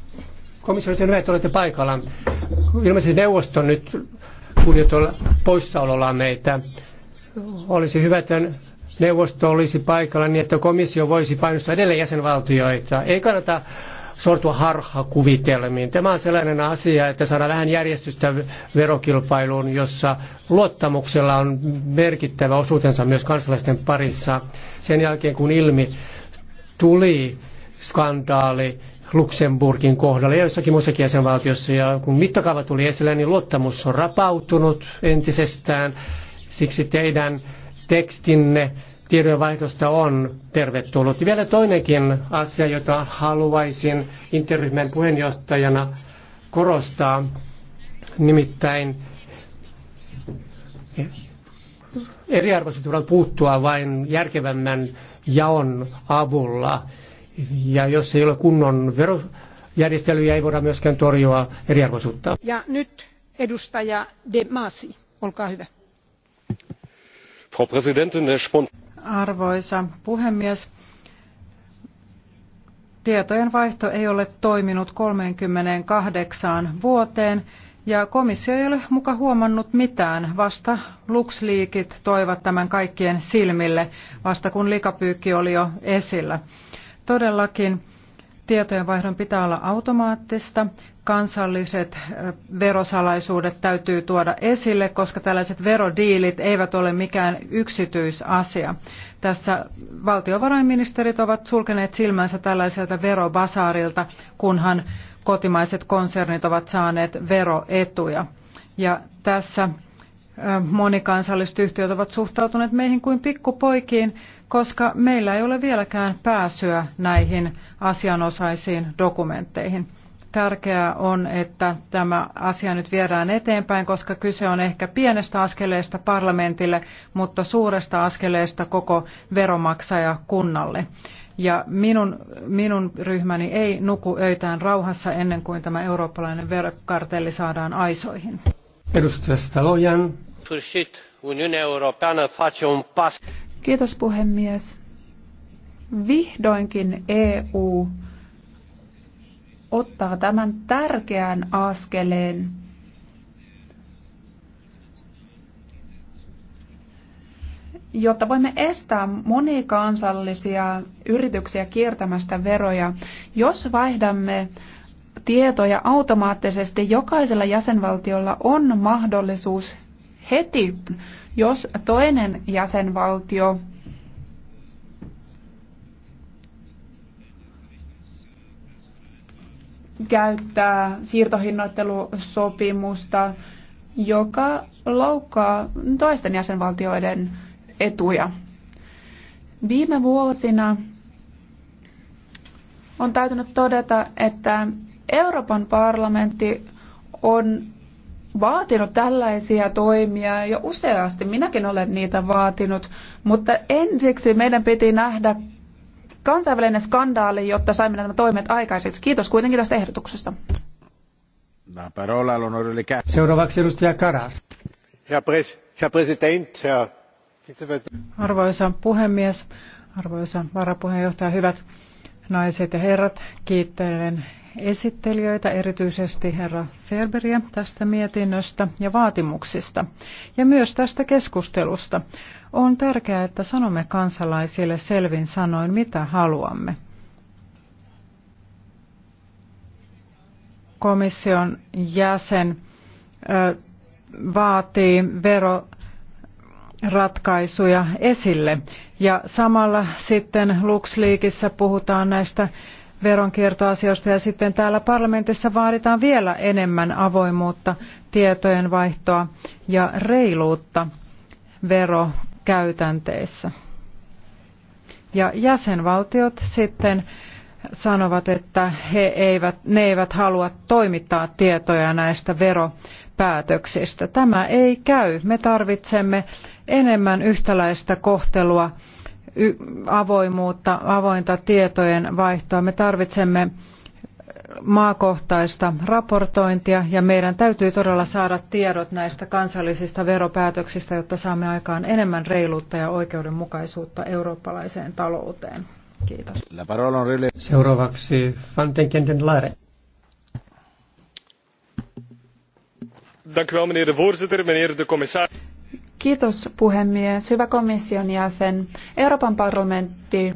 Komissio sen hyvä, että olette paikalla. Ilmeisesti neuvosto nyt budjetoilla poissaololla meitä. Olisi hyvä, että neuvosto olisi paikalla niin, että komissio voisi painostaa edelleen jäsenvaltioita. Ei kannata sortua harhakuvitelmiin. Tämä on sellainen asia, että saadaan vähän järjestystä verokilpailuun, jossa luottamuksella on merkittävä osuutensa myös kansalaisten parissa. Sen jälkeen kun ilmi tuli skandaali, Luxemburgin kohdalla ja jossakin muissakin jäsenvaltiossa. Ja kun mittakaava tuli esille, niin luottamus on rapautunut entisestään. Siksi teidän tekstinne tiedonvaihdosta on tervetullut. Ja vielä toinenkin asia, jota haluaisin interryhmän puheenjohtajana korostaa, nimittäin eriarvoisuuteen puuttua vain järkevämmän jaon avulla. Ja jos ei ole kunnon verojärjestelyjä, ei voida myöskään torjua eriarvoisuutta. Ja nyt edustaja De Masi, olkaa hyvä. Arvoisa puhemies, tietojen vaihto ei ole toiminut 38 vuoteen ja komissio ei ole muka huomannut mitään. Vasta LuxLeakit toivat tämän kaikkien silmille, vasta kun likapyykki oli jo esillä. Todellakin tietojenvaihdon pitää olla automaattista. Kansalliset verosalaisuudet täytyy tuoda esille, koska tällaiset verodiilit eivät ole mikään yksityisasia. Tässä valtiovarainministerit ovat sulkeneet silmänsä tällaiselta verobasaarilta, kunhan kotimaiset konsernit ovat saaneet veroetuja. Ja tässä monikansalliset yhtiöt ovat suhtautuneet meihin kuin pikkupoikiin, koska meillä ei ole vieläkään pääsyä näihin asianosaisiin dokumentteihin. Tärkeää on, että tämä asia nyt viedään eteenpäin, koska kyse on ehkä pienestä askeleesta parlamentille, mutta suuresta askeleesta koko veromaksajakunnalle. Ja minun, minun ryhmäni ei nuku öitään rauhassa ennen kuin tämä eurooppalainen verokartelli saadaan aisoihin. Edustaja Stalojan. Kiitos puhemies. Vihdoinkin EU ottaa tämän tärkeän askeleen jotta voimme estää monikansallisia yrityksiä kiertämästä veroja. Jos vaihdamme tietoja automaattisesti, jokaisella jäsenvaltiolla on mahdollisuus heti jos toinen jäsenvaltio käyttää siirtohinnoittelusopimusta, joka loukkaa toisten jäsenvaltioiden etuja. Viime vuosina on täytynyt todeta, että Euroopan parlamentti on vaatinut tällaisia toimia jo useasti. Minäkin olen niitä vaatinut, mutta ensiksi meidän piti nähdä kansainvälinen skandaali, jotta saimme nämä toimet aikaiseksi. Kiitos kuitenkin tästä ehdotuksesta. Seuraavaksi edustaja Karas. Arvoisa puhemies, arvoisa varapuheenjohtaja, hyvät naiset ja herrat, kiittelen esittelijöitä, erityisesti herra Ferberiä tästä mietinnöstä ja vaatimuksista ja myös tästä keskustelusta. On tärkeää, että sanomme kansalaisille selvin sanoin, mitä haluamme. Komission jäsen ö, vaatii vero ratkaisuja esille. Ja samalla sitten LuxLeaksissa puhutaan näistä veronkiertoasioista ja sitten täällä parlamentissa vaaditaan vielä enemmän avoimuutta, tietojen vaihtoa ja reiluutta verokäytänteissä. Ja jäsenvaltiot sitten sanovat, että he eivät, ne eivät halua toimittaa tietoja näistä veropäätöksistä. Tämä ei käy. Me tarvitsemme enemmän yhtäläistä kohtelua avoimuutta, avointa tietojen vaihtoa. Me tarvitsemme maakohtaista raportointia ja meidän täytyy todella saada tiedot näistä kansallisista veropäätöksistä, jotta saamme aikaan enemmän reiluutta ja oikeudenmukaisuutta eurooppalaiseen talouteen. Kiitos. Seuraavaksi Van Lare. Dank u wel, meneer de voorzitter, meneer de commissaris. Kiitos puhemies. Hyvä komission jäsen. Euroopan parlamentti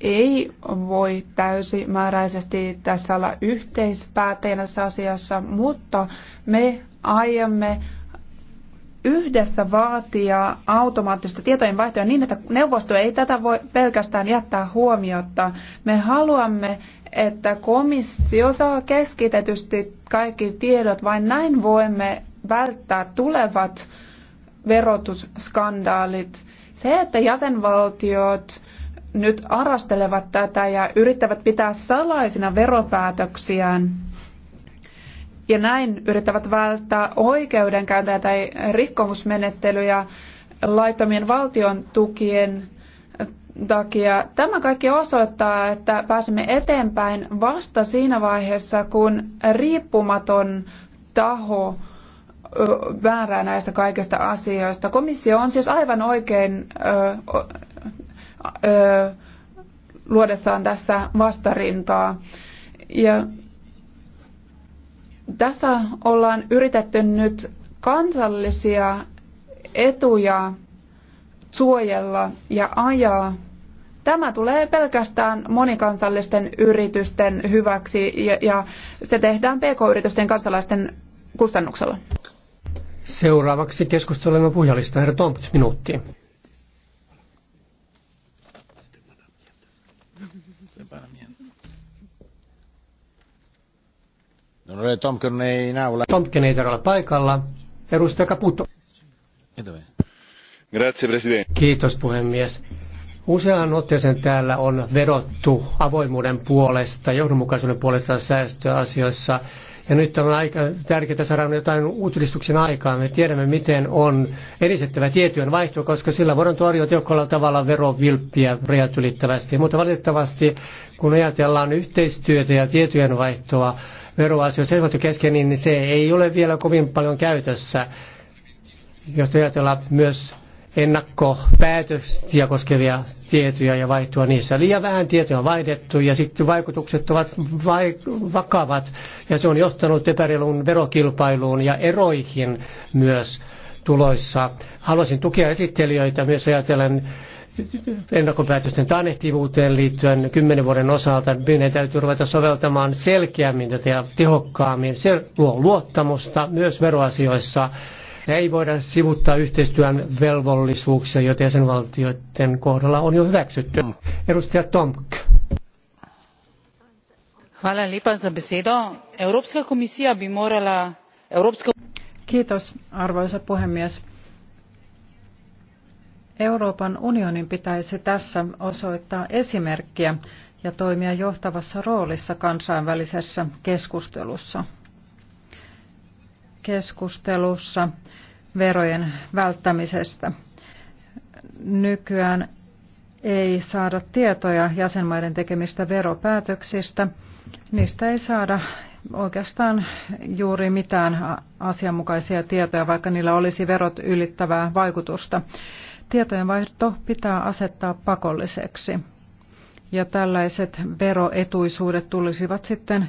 ei voi täysimääräisesti tässä olla yhteispäättäjä tässä asiassa, mutta me aiomme yhdessä vaatia automaattista tietojen vaihtoa niin, että neuvosto ei tätä voi pelkästään jättää huomiota. Me haluamme, että komissio saa keskitetysti kaikki tiedot, vain näin voimme välttää tulevat verotusskandaalit. Se, että jäsenvaltiot nyt arastelevat tätä ja yrittävät pitää salaisina veropäätöksiään ja näin yrittävät välttää oikeudenkäyntejä tai rikkomusmenettelyjä laittomien valtion tukien takia. Tämä kaikki osoittaa, että pääsemme eteenpäin vasta siinä vaiheessa, kun riippumaton taho väärää näistä kaikista asioista. Komissio on siis aivan oikein luodessaan tässä vastarintaa. Ja tässä ollaan yritetty nyt kansallisia etuja suojella ja ajaa. Tämä tulee pelkästään monikansallisten yritysten hyväksi ja, ja se tehdään pk-yritysten kansalaisten kustannuksella. Seuraavaksi keskustelemme puhujalista. Herra Tompt, minuutti. Tomkin ei in aula. ei ole paikalla. Edustaja Caputo. Kiitos puhemies. Useaan otteeseen täällä on vedottu avoimuuden puolesta, johdonmukaisuuden puolesta säästöasioissa. asioissa ja nyt on aika tärkeää saada jotain uutistuksen aikaa. Me tiedämme, miten on edistettävä tietojen vaihto koska sillä voidaan torjua tehokkaalla tavalla verovilppiä rajat ylittävästi. Mutta valitettavasti, kun ajatellaan yhteistyötä ja tietojen vaihtoa veroasioissa kesken, niin se ei ole vielä kovin paljon käytössä jos ajatellaan myös ennakkopäätöksiä koskevia tietoja ja vaihtoa niissä. Liian vähän tietoja on vaihdettu ja sitten vaikutukset ovat vaik- vakavat ja se on johtanut epäreilun verokilpailuun ja eroihin myös tuloissa. Haluaisin tukea esittelijöitä myös ajatellen ennakkopäätösten taannehtivuuteen liittyen kymmenen vuoden osalta. Meidän täytyy ruveta soveltamaan selkeämmin tätä ja tehokkaammin. Se luo luottamusta myös veroasioissa ei voida sivuttaa yhteistyön velvollisuuksia, joita jäsenvaltioiden kohdalla on jo hyväksytty. Edustaja Tomk. Kiitos, arvoisa puhemies. Euroopan unionin pitäisi tässä osoittaa esimerkkiä ja toimia johtavassa roolissa kansainvälisessä keskustelussa keskustelussa verojen välttämisestä. Nykyään ei saada tietoja jäsenmaiden tekemistä veropäätöksistä. Niistä ei saada oikeastaan juuri mitään asianmukaisia tietoja, vaikka niillä olisi verot ylittävää vaikutusta. Tietojenvaihto pitää asettaa pakolliseksi. Ja tällaiset veroetuisuudet tulisivat sitten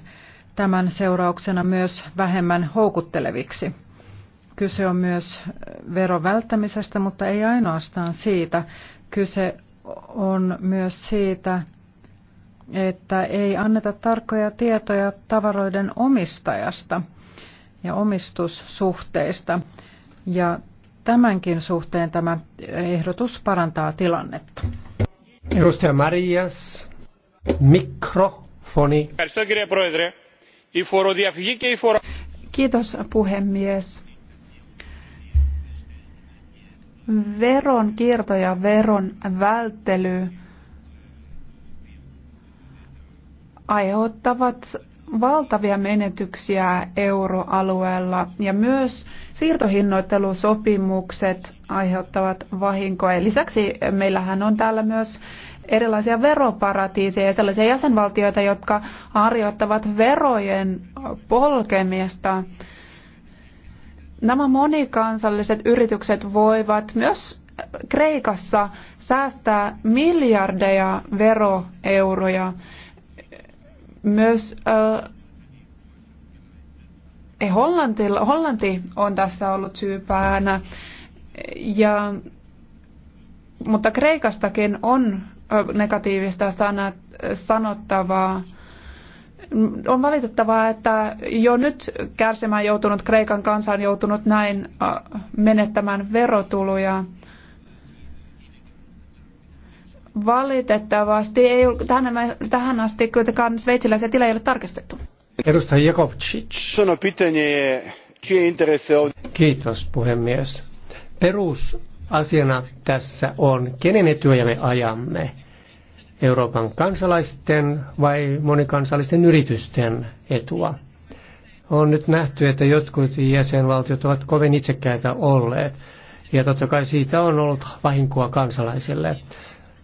tämän seurauksena myös vähemmän houkutteleviksi. Kyse on myös verovälttämisestä, mutta ei ainoastaan siitä. Kyse on myös siitä, että ei anneta tarkkoja tietoja tavaroiden omistajasta ja omistussuhteista. Ja tämänkin suhteen tämä ehdotus parantaa tilannetta. Edustaja Marias, mikrofoni. Kiitos, Kiitos puhemies. Veron kierto ja veron välttely aiheuttavat valtavia menetyksiä euroalueella ja myös siirtohinnoittelusopimukset aiheuttavat vahinkoa. Ja lisäksi meillähän on täällä myös erilaisia veroparatiiseja ja sellaisia jäsenvaltioita, jotka harjoittavat verojen polkemista. Nämä monikansalliset yritykset voivat myös Kreikassa säästää miljardeja veroeuroja. Myös äh, Hollanti, Hollanti on tässä ollut syypäänä. Ja, mutta Kreikastakin on negatiivista sanat, sanottavaa. On valitettavaa, että jo nyt kärsimään joutunut Kreikan kansa on joutunut näin äh, menettämään verotuloja. Valitettavasti ei ole, tähän, tähän asti kuitenkaan sveitsiläisiä tilejä ei ole tarkistettu. Edustaja Jakovčić. Kiitos puhemies. Perus asiana tässä on, kenen etuja me ajamme. Euroopan kansalaisten vai monikansallisten yritysten etua. On nyt nähty, että jotkut jäsenvaltiot ovat kovin itsekkäitä olleet. Ja totta kai siitä on ollut vahinkoa kansalaisille.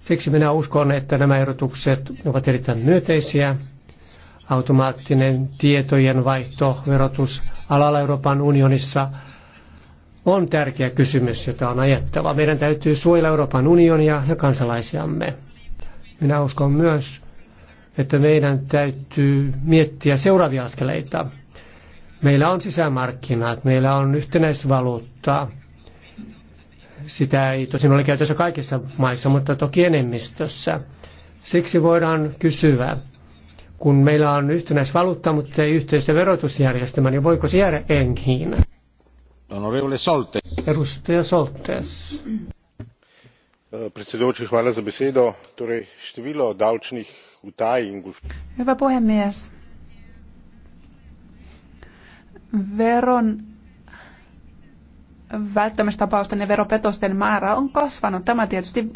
Siksi minä uskon, että nämä erotukset ovat erittäin myönteisiä. Automaattinen tietojen vaihto verotus alalla Euroopan unionissa – on tärkeä kysymys, jota on ajettava. Meidän täytyy suojella Euroopan unionia ja kansalaisiamme. Minä uskon myös, että meidän täytyy miettiä seuraavia askeleita. Meillä on sisämarkkinat, meillä on yhtenäisvaluutta. Sitä ei tosin ole käytössä kaikissa maissa, mutta toki enemmistössä. Siksi voidaan kysyä, kun meillä on yhtenäisvaluutta, mutta ei yhteistä verotusjärjestelmää, niin voiko se jäädä enkiin? Honorevole Soltes. Edustaja Soltes. Eh, predsedujoči, hvala za besedo. Torej, število davčnih utaj in Hyvä puhemies. Veron välttämistapausten ja veropetosten määrä on kasvanut. Tämä tietysti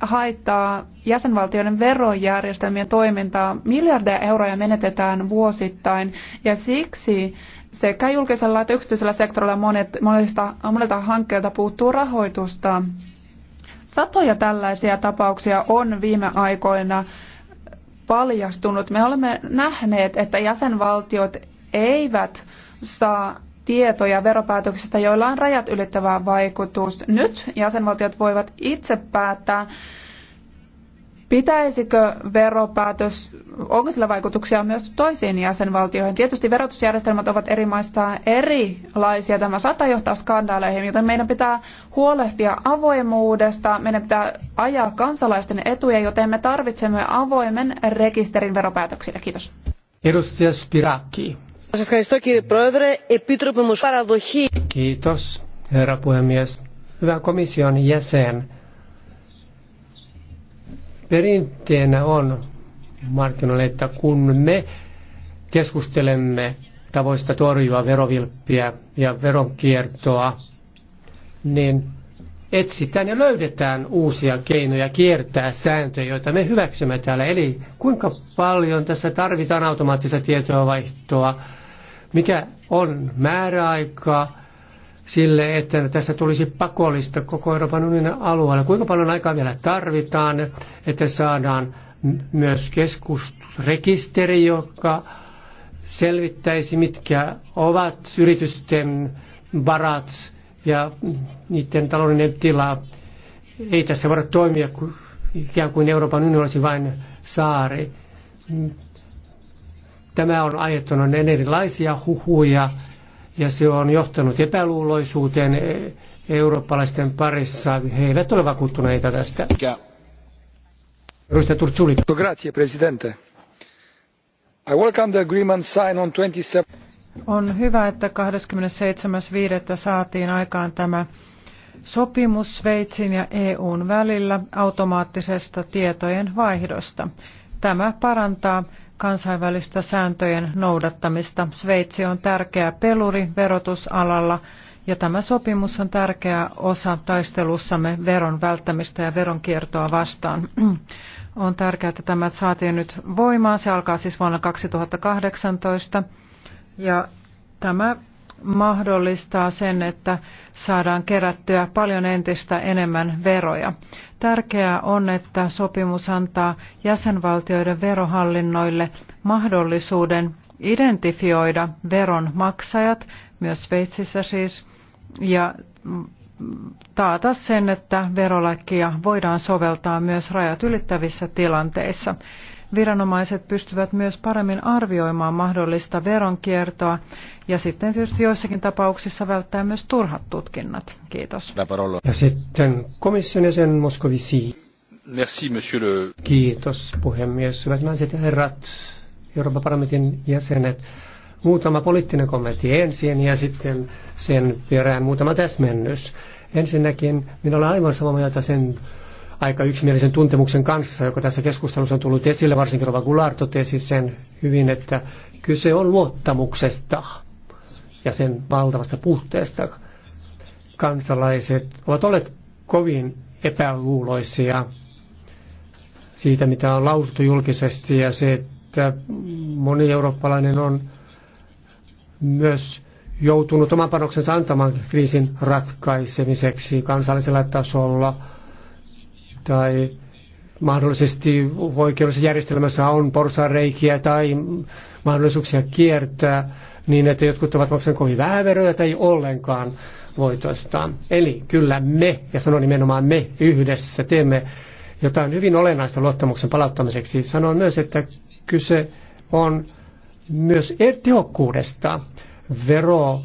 haittaa jäsenvaltioiden verojärjestelmien toimintaa. Miljardeja euroja menetetään vuosittain ja siksi sekä julkisella että yksityisellä sektorilla monet, monista, monilta hankkeilta puuttuu rahoitusta. Satoja tällaisia tapauksia on viime aikoina paljastunut. Me olemme nähneet, että jäsenvaltiot eivät saa tietoja veropäätöksistä, joilla on rajat ylittävä vaikutus. Nyt jäsenvaltiot voivat itse päättää, Pitäisikö veropäätös, onko sillä vaikutuksia myös toisiin jäsenvaltioihin? Tietysti verotusjärjestelmät ovat eri maissa erilaisia. Tämä saattaa johtaa skandaaleihin, joten meidän pitää huolehtia avoimuudesta. Meidän pitää ajaa kansalaisten etuja, joten me tarvitsemme avoimen rekisterin veropäätöksille. Kiitos. Edustaja Spiraki. Kiitos, herra puhemies. Hyvä komission jäsen Perinteenä on markkinoille, että kun me keskustelemme tavoista torjua verovilppiä ja veronkiertoa, niin etsitään ja löydetään uusia keinoja kiertää sääntöjä, joita me hyväksymme täällä. Eli kuinka paljon tässä tarvitaan automaattista tietoa vaihtoa, mikä on määräaikaa, sille, että tästä tulisi pakollista koko Euroopan unionin alueella. Kuinka paljon aikaa vielä tarvitaan, että saadaan myös keskusrekisteri, joka selvittäisi, mitkä ovat yritysten varat ja niiden taloudellinen tila. Ei tässä voida toimia ikään kuin Euroopan unioni olisi vain saari. Tämä on aiheuttanut erilaisia huhuja ja se on johtanut epäluuloisuuteen e, eurooppalaisten parissa. He eivät ole vakuuttuneita tästä. Edustaja Turtsuli. Grazie, presidente. I welcome the agreement signed on 27... On hyvä, että 27.5. saatiin aikaan tämä sopimus Sveitsin ja EUn välillä automaattisesta tietojen vaihdosta. Tämä parantaa kansainvälistä sääntöjen noudattamista. Sveitsi on tärkeä peluri verotusalalla ja tämä sopimus on tärkeä osa taistelussamme veron välttämistä ja veronkiertoa vastaan. On tärkeää, että tämä saatiin nyt voimaan. Se alkaa siis vuonna 2018 ja tämä mahdollistaa sen, että saadaan kerättyä paljon entistä enemmän veroja. Tärkeää on, että sopimus antaa jäsenvaltioiden verohallinnoille mahdollisuuden identifioida veron maksajat, myös Sveitsissä siis, ja taata sen, että verolakia voidaan soveltaa myös rajat ylittävissä tilanteissa viranomaiset pystyvät myös paremmin arvioimaan mahdollista veronkiertoa ja sitten tietysti joissakin tapauksissa välttää myös turhat tutkinnat. Kiitos. Ja sitten komission jäsen Moskovisi. Merci, monsieur le... Kiitos puhemies. Hyvät naiset ja herrat, Euroopan parlamentin jäsenet. Muutama poliittinen kommentti ensin ja sitten sen perään muutama täsmennys. Ensinnäkin minä olen aivan samaa mieltä sen aika yksimielisen tuntemuksen kanssa, joka tässä keskustelussa on tullut esille, varsinkin Rova Gular totesi sen hyvin, että kyse on luottamuksesta ja sen valtavasta puutteesta. Kansalaiset ovat olleet kovin epäluuloisia siitä, mitä on lausuttu julkisesti ja se, että moni eurooppalainen on myös joutunut oman panoksensa antamaan kriisin ratkaisemiseksi kansallisella tasolla – tai mahdollisesti oikeudessa järjestelmässä on porsareikiä tai mahdollisuuksia kiertää niin, että jotkut ovat maksaneet kovin vähän veroja tai ollenkaan voitoistaan. Eli kyllä me, ja sanon nimenomaan me yhdessä, teemme jotain hyvin olennaista luottamuksen palauttamiseksi. Sanon myös, että kyse on myös tehokkuudesta. Vero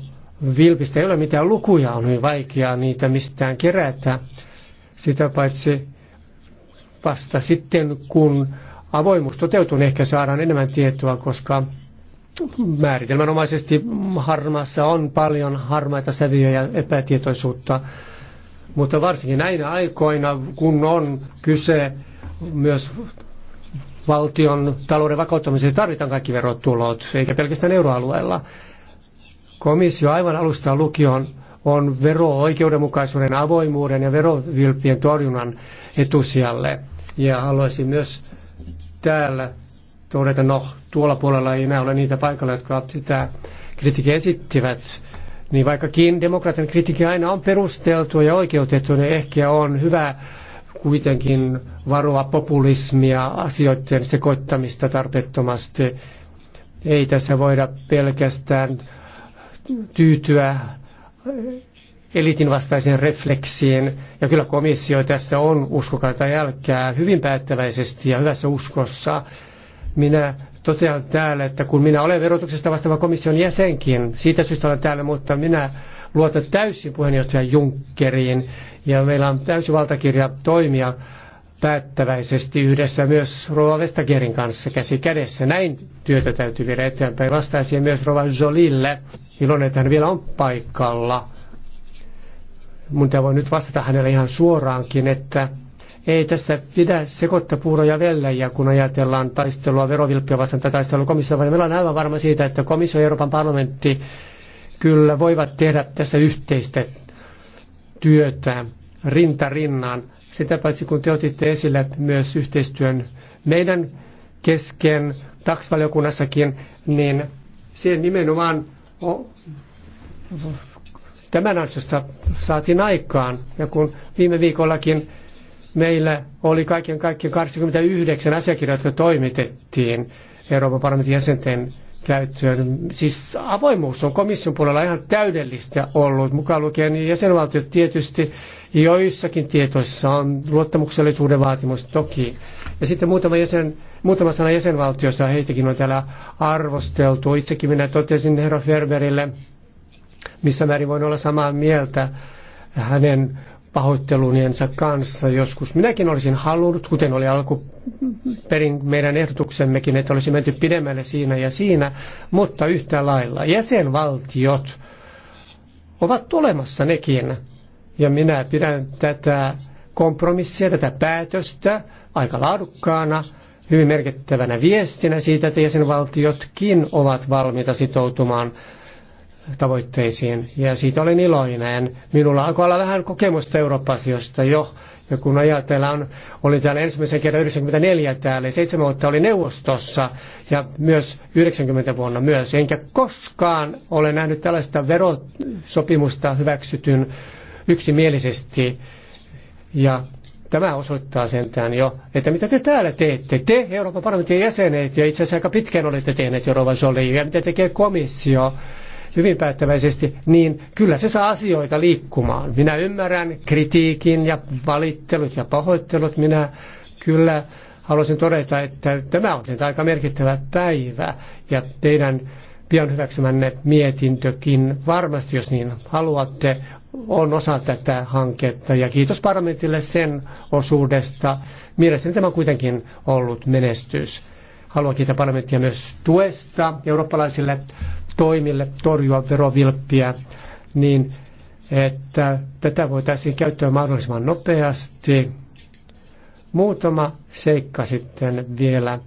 vilpistä ei ole mitään lukuja, on hyvin vaikeaa niitä mistään kerätä. Sitä paitsi Vasta sitten, kun avoimuus toteutuu, niin ehkä saadaan enemmän tietoa, koska määritelmänomaisesti harmaassa on paljon harmaita sävyjä ja epätietoisuutta. Mutta varsinkin näinä aikoina, kun on kyse myös valtion talouden vakauttamisesta, tarvitaan kaikki verotulot, eikä pelkästään euroalueella. Komissio aivan alusta lukion on vero-oikeudenmukaisuuden, avoimuuden ja verovilpien torjunnan etusijalle. Ja haluaisin myös täällä todeta, no tuolla puolella ei enää ole niitä paikalla, jotka sitä kritiikkiä esittivät. Niin vaikkakin demokratian kritiikki aina on perusteltua ja oikeutettu, niin ehkä on hyvä kuitenkin varoa populismia, asioiden sekoittamista tarpeettomasti. Ei tässä voida pelkästään tyytyä elitin vastaisiin refleksiin. Ja kyllä komissio tässä on, uskokaa tai hyvin päättäväisesti ja hyvässä uskossa. Minä totean täällä, että kun minä olen verotuksesta vastaava komission jäsenkin, siitä syystä olen täällä, mutta minä luotan täysin puheenjohtaja Junckeriin ja meillä on täysi valtakirja toimia päättäväisesti yhdessä myös Rova Vestagerin kanssa käsi kädessä. Näin työtä täytyy viedä eteenpäin. Vastaisin myös Rova Jolille. Iloinen, että hän vielä on paikalla mun voi nyt vastata hänelle ihan suoraankin, että ei tässä pidä sekoittaa puuroja vellejä, kun ajatellaan taistelua verovilppiä vastaan tai taistelua komissioon, vaan meillä on aivan varma siitä, että komissio ja Euroopan parlamentti kyllä voivat tehdä tässä yhteistä työtä rinta rinnan. Sitä paitsi kun te otitte esille myös yhteistyön meidän kesken taksvaliokunnassakin, niin siihen nimenomaan Tämän ansiosta saatiin aikaan, ja kun viime viikollakin meillä oli kaiken kaikkiaan 29 asiakirjaa, jotka toimitettiin Euroopan parlamentin jäsenten käyttöön. Siis avoimuus on komission puolella ihan täydellistä ollut, mukaan lukien jäsenvaltiot tietysti, joissakin tietoissa on luottamuksellisuuden vaatimus toki. Ja sitten muutama, jäsen, muutama sana jäsenvaltiosta, heitäkin on täällä arvosteltu. Itsekin minä totesin herra Ferberille, missä määrin voin olla samaa mieltä hänen pahoitteluniensa kanssa. Joskus minäkin olisin halunnut, kuten oli alkuperin meidän ehdotuksemmekin, että olisi menty pidemmälle siinä ja siinä, mutta yhtä lailla jäsenvaltiot ovat tulemassa nekin. Ja minä pidän tätä kompromissia, tätä päätöstä aika laadukkaana, hyvin merkittävänä viestinä siitä, että jäsenvaltiotkin ovat valmiita sitoutumaan tavoitteisiin ja siitä olen iloinen. Minulla alkoi olla vähän kokemusta Eurooppa-asioista jo ja kun ajatellaan, olin täällä ensimmäisen kerran 94 täällä ja seitsemän vuotta oli neuvostossa ja myös 90 vuonna myös. Enkä koskaan ole nähnyt tällaista verosopimusta hyväksytyn yksimielisesti ja Tämä osoittaa sentään jo, että mitä te täällä teette. Te, Euroopan parlamentin jäsenet, ja itse asiassa aika pitkään olette tehneet jo Rova ja mitä tekee komissio, hyvin päättäväisesti, niin kyllä se saa asioita liikkumaan. Minä ymmärrän kritiikin ja valittelut ja pahoittelut. Minä kyllä haluaisin todeta, että tämä on aika merkittävä päivä ja teidän pian hyväksymänne mietintökin varmasti, jos niin haluatte, on osa tätä hanketta. Ja kiitos parlamentille sen osuudesta. Mielestäni tämä on kuitenkin ollut menestys. Haluan kiittää parlamenttia myös tuesta eurooppalaisille toimille torjua verovilppiä, niin että tätä voitaisiin käyttää mahdollisimman nopeasti. Muutama seikka sitten vielä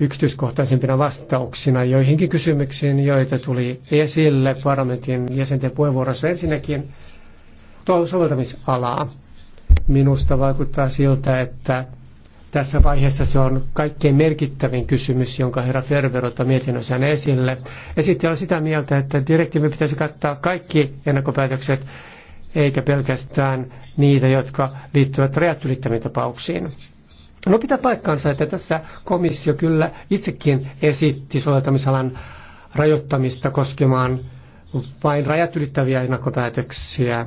yksityiskohtaisempina vastauksina joihinkin kysymyksiin, joita tuli esille parlamentin jäsenten puheenvuorossa. Ensinnäkin tuo soveltamisalaa. Minusta vaikuttaa siltä, että tässä vaiheessa se on kaikkein merkittävin kysymys, jonka herra Ferver ottaa mietinnössään esille. sitten on sitä mieltä, että direktiivi pitäisi kattaa kaikki ennakkopäätökset, eikä pelkästään niitä, jotka liittyvät rajat tapauksiin. No pitää paikkaansa, että tässä komissio kyllä itsekin esitti soveltamisalan rajoittamista koskemaan vain rajatylittäviä ennakkopäätöksiä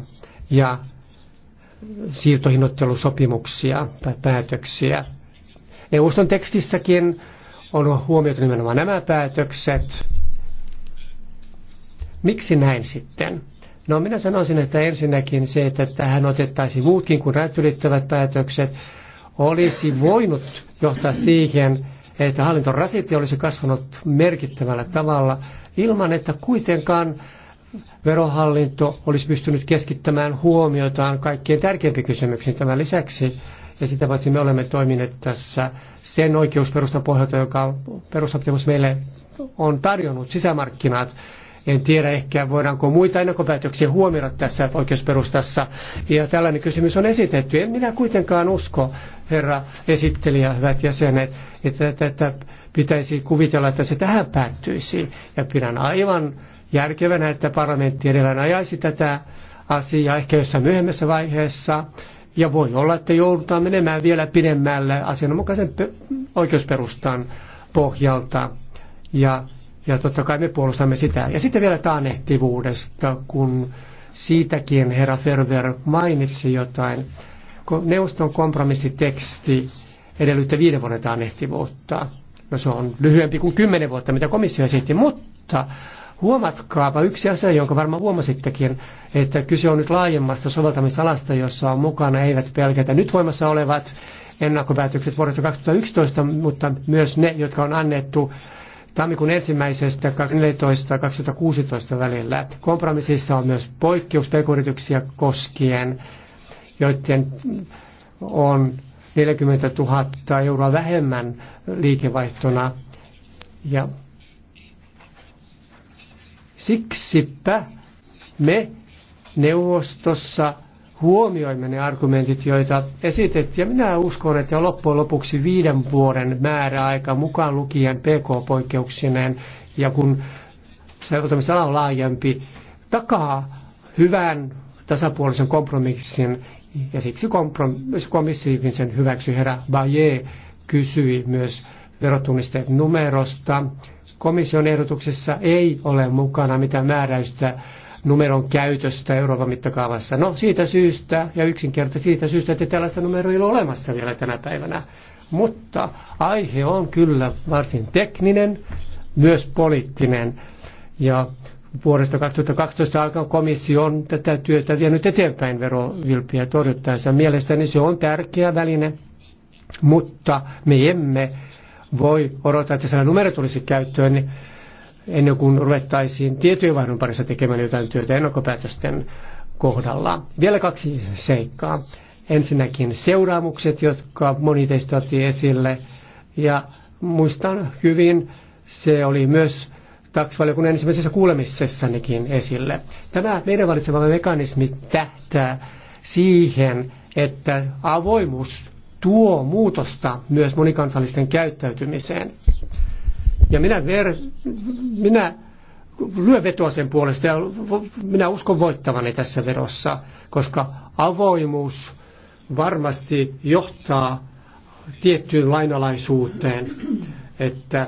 ja siirtohinnoittelusopimuksia tai päätöksiä. Neuvoston tekstissäkin on huomioitu nimenomaan nämä päätökset. Miksi näin sitten? No minä sanoisin, että ensinnäkin se, että tähän otettaisiin muutkin kuin rajat ylittävät päätökset, olisi voinut johtaa siihen, että hallintorasite olisi kasvanut merkittävällä tavalla ilman, että kuitenkaan verohallinto olisi pystynyt keskittämään huomiotaan kaikkien tärkeimpiin kysymyksiin. Tämän lisäksi ja sitä paitsi me olemme toimineet tässä sen oikeusperustan pohjalta, joka perusopimus meille on tarjonnut sisämarkkinat. En tiedä ehkä, voidaanko muita ennakkopäätöksiä huomioida tässä oikeusperustassa. Ja tällainen kysymys on esitetty. En minä kuitenkaan usko, herra esittelijä, hyvät jäsenet, että että pitäisi kuvitella, että se tähän päättyisi. Ja pidän aivan järkevänä, että parlamentti edellä ajaisi tätä asiaa ehkä jossain myöhemmässä vaiheessa. Ja voi olla, että joudutaan menemään vielä pidemmälle asianmukaisen oikeusperustan pohjalta. Ja, ja totta kai me puolustamme sitä. Ja sitten vielä taanehtivuudesta, kun siitäkin herra Ferver mainitsi jotain. Neuvoston kompromissiteksti edellyttää viiden vuoden taanehtivuutta. No se on lyhyempi kuin kymmenen vuotta, mitä komissio esitti, mutta Huomatkaapa yksi asia, jonka varmaan huomasittekin, että kyse on nyt laajemmasta soveltamisalasta, jossa on mukana eivät pelkätä nyt voimassa olevat ennakkopäätökset vuodesta 2011, mutta myös ne, jotka on annettu tammikuun ensimmäisestä 2014-2016 välillä. Kompromississa on myös poikkeus pk koskien, joiden on 40 000 euroa vähemmän liikevaihtona. Ja Siksipä me neuvostossa huomioimme ne argumentit, joita esitettiin. Ja minä uskon, että loppujen lopuksi viiden vuoden määräaika mukaan lukien PK-poikkeuksineen ja kun seutumisala on laajempi, takaa hyvän tasapuolisen kompromissin ja siksi komissiokin sen hyväksy Herra Baye kysyi myös verotunnisteet numerosta Komission ehdotuksessa ei ole mukana mitään määräystä numeron käytöstä Euroopan mittakaavassa. No siitä syystä ja yksinkertaisesti siitä syystä, että tällaista numeroa ei ole olemassa vielä tänä päivänä. Mutta aihe on kyllä varsin tekninen, myös poliittinen. Ja vuodesta 2012 alkaen komissio on tätä työtä vienyt eteenpäin verovilpiä torjuttaessa. Mielestäni se on tärkeä väline, mutta me emme voi odottaa, että sana numero tulisi käyttöön ennen kuin ruvettaisiin tietojenvaihdon parissa tekemään jotain työtä ennakkopäätösten kohdalla. Vielä kaksi seikkaa. Ensinnäkin seuraamukset, jotka moni teistä otti esille. Ja muistan hyvin, se oli myös taksivaliokunnan ensimmäisessä kuulemisessanikin esille. Tämä meidän valitsemamme mekanismi tähtää siihen, että avoimuus tuo muutosta myös monikansallisten käyttäytymiseen. Ja minä, ver, minä lyön vetoa sen puolesta ja minä uskon voittavani tässä verossa, koska avoimuus varmasti johtaa tiettyyn lainalaisuuteen, että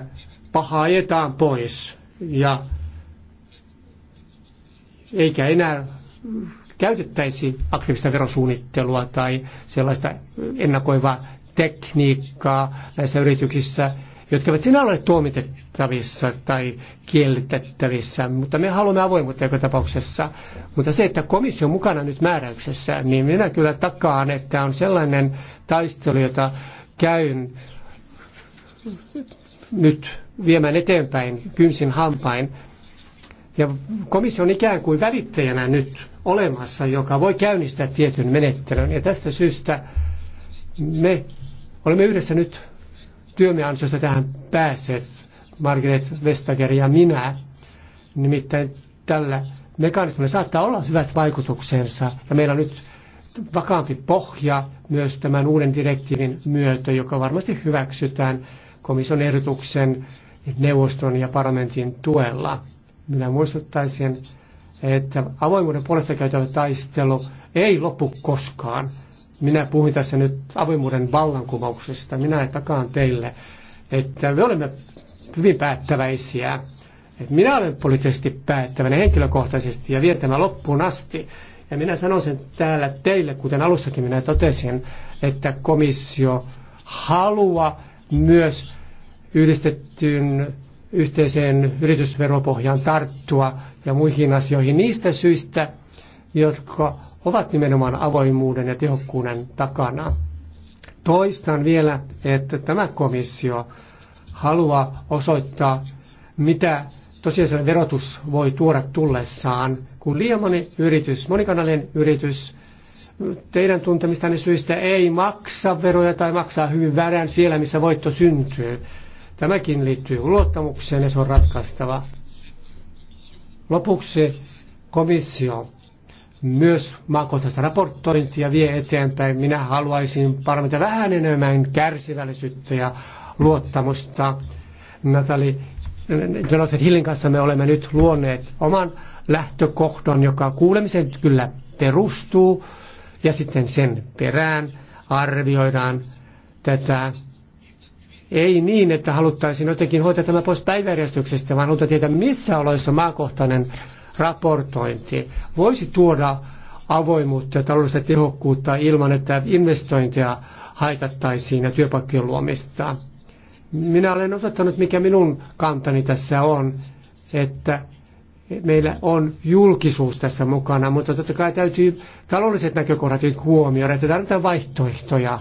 paha ajetaan pois ja eikä enää käytettäisi aktiivista verosuunnittelua tai sellaista ennakoivaa tekniikkaa näissä yrityksissä, jotka eivät sinä ole tuomitettavissa tai kiellettävissä, mutta me haluamme avoimuutta joka tapauksessa. Mutta se, että komissio on mukana nyt määräyksessä, niin minä kyllä takaan, että on sellainen taistelu, jota käyn nyt viemään eteenpäin kynsin hampain ja komissio on ikään kuin välittäjänä nyt olemassa, joka voi käynnistää tietyn menettelyn. Ja tästä syystä me olemme yhdessä nyt työmme ansiosta tähän päässeet, Margaret Vestager ja minä. Nimittäin tällä mekanismilla saattaa olla hyvät vaikutuksensa. Ja meillä on nyt vakaampi pohja myös tämän uuden direktiivin myötä, joka varmasti hyväksytään komission ehdotuksen neuvoston ja parlamentin tuella. Minä muistuttaisin, että avoimuuden puolesta käytävä taistelu ei lopu koskaan. Minä puhuin tässä nyt avoimuuden vallankumouksesta. Minä takaan teille, että me olemme hyvin päättäväisiä. Että minä olen poliittisesti päättävänä henkilökohtaisesti ja vietämä loppuun asti. Ja minä sanon sen täällä teille, kuten alussakin minä totesin, että komissio haluaa myös yhdistettyyn yhteiseen yritysveropohjaan tarttua ja muihin asioihin niistä syistä, jotka ovat nimenomaan avoimuuden ja tehokkuuden takana. Toistan vielä, että tämä komissio haluaa osoittaa, mitä tosiasiallinen verotus voi tuoda tullessaan, kun liian moni yritys, monikanalinen yritys, teidän tuntemistanne syistä ei maksa veroja tai maksaa hyvin väärän siellä, missä voitto syntyy. Tämäkin liittyy luottamukseen ja se on ratkaistava. Lopuksi komissio myös maakohtaista raportointia vie eteenpäin. Minä haluaisin parantaa vähän enemmän kärsivällisyyttä ja luottamusta. Natali äh, Jonathan Hillin kanssa me olemme nyt luoneet oman lähtökohdan, joka kuulemisen kyllä perustuu, ja sitten sen perään arvioidaan tätä ei niin, että haluttaisiin jotenkin hoitaa tämä pois päiväjärjestyksestä, vaan halutaan tietää, missä oloissa maakohtainen raportointi voisi tuoda avoimuutta ja taloudellista tehokkuutta ilman, että investointeja haitattaisiin ja työpaikkojen luomista. Minä olen osoittanut, mikä minun kantani tässä on, että meillä on julkisuus tässä mukana, mutta totta kai täytyy taloudelliset näkökohdat huomioida, että tarvitaan vaihtoehtoja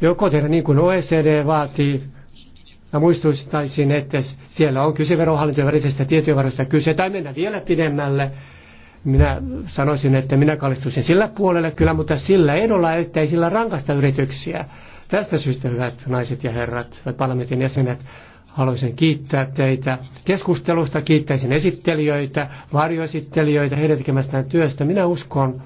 joko tehdä niin kuin OECD vaatii, ja muistuttaisin, että siellä on kyse verohallintojen välisestä tietojenvaroista kyse, tai mennä vielä pidemmälle. Minä sanoisin, että minä kallistuisin sillä puolelle kyllä, mutta sillä edolla, että ei sillä rankasta yrityksiä. Tästä syystä, hyvät naiset ja herrat, parlamentin jäsenet, haluaisin kiittää teitä keskustelusta, kiittäisin esittelijöitä, varjoesittelijöitä heidän tekemästään työstä. Minä uskon,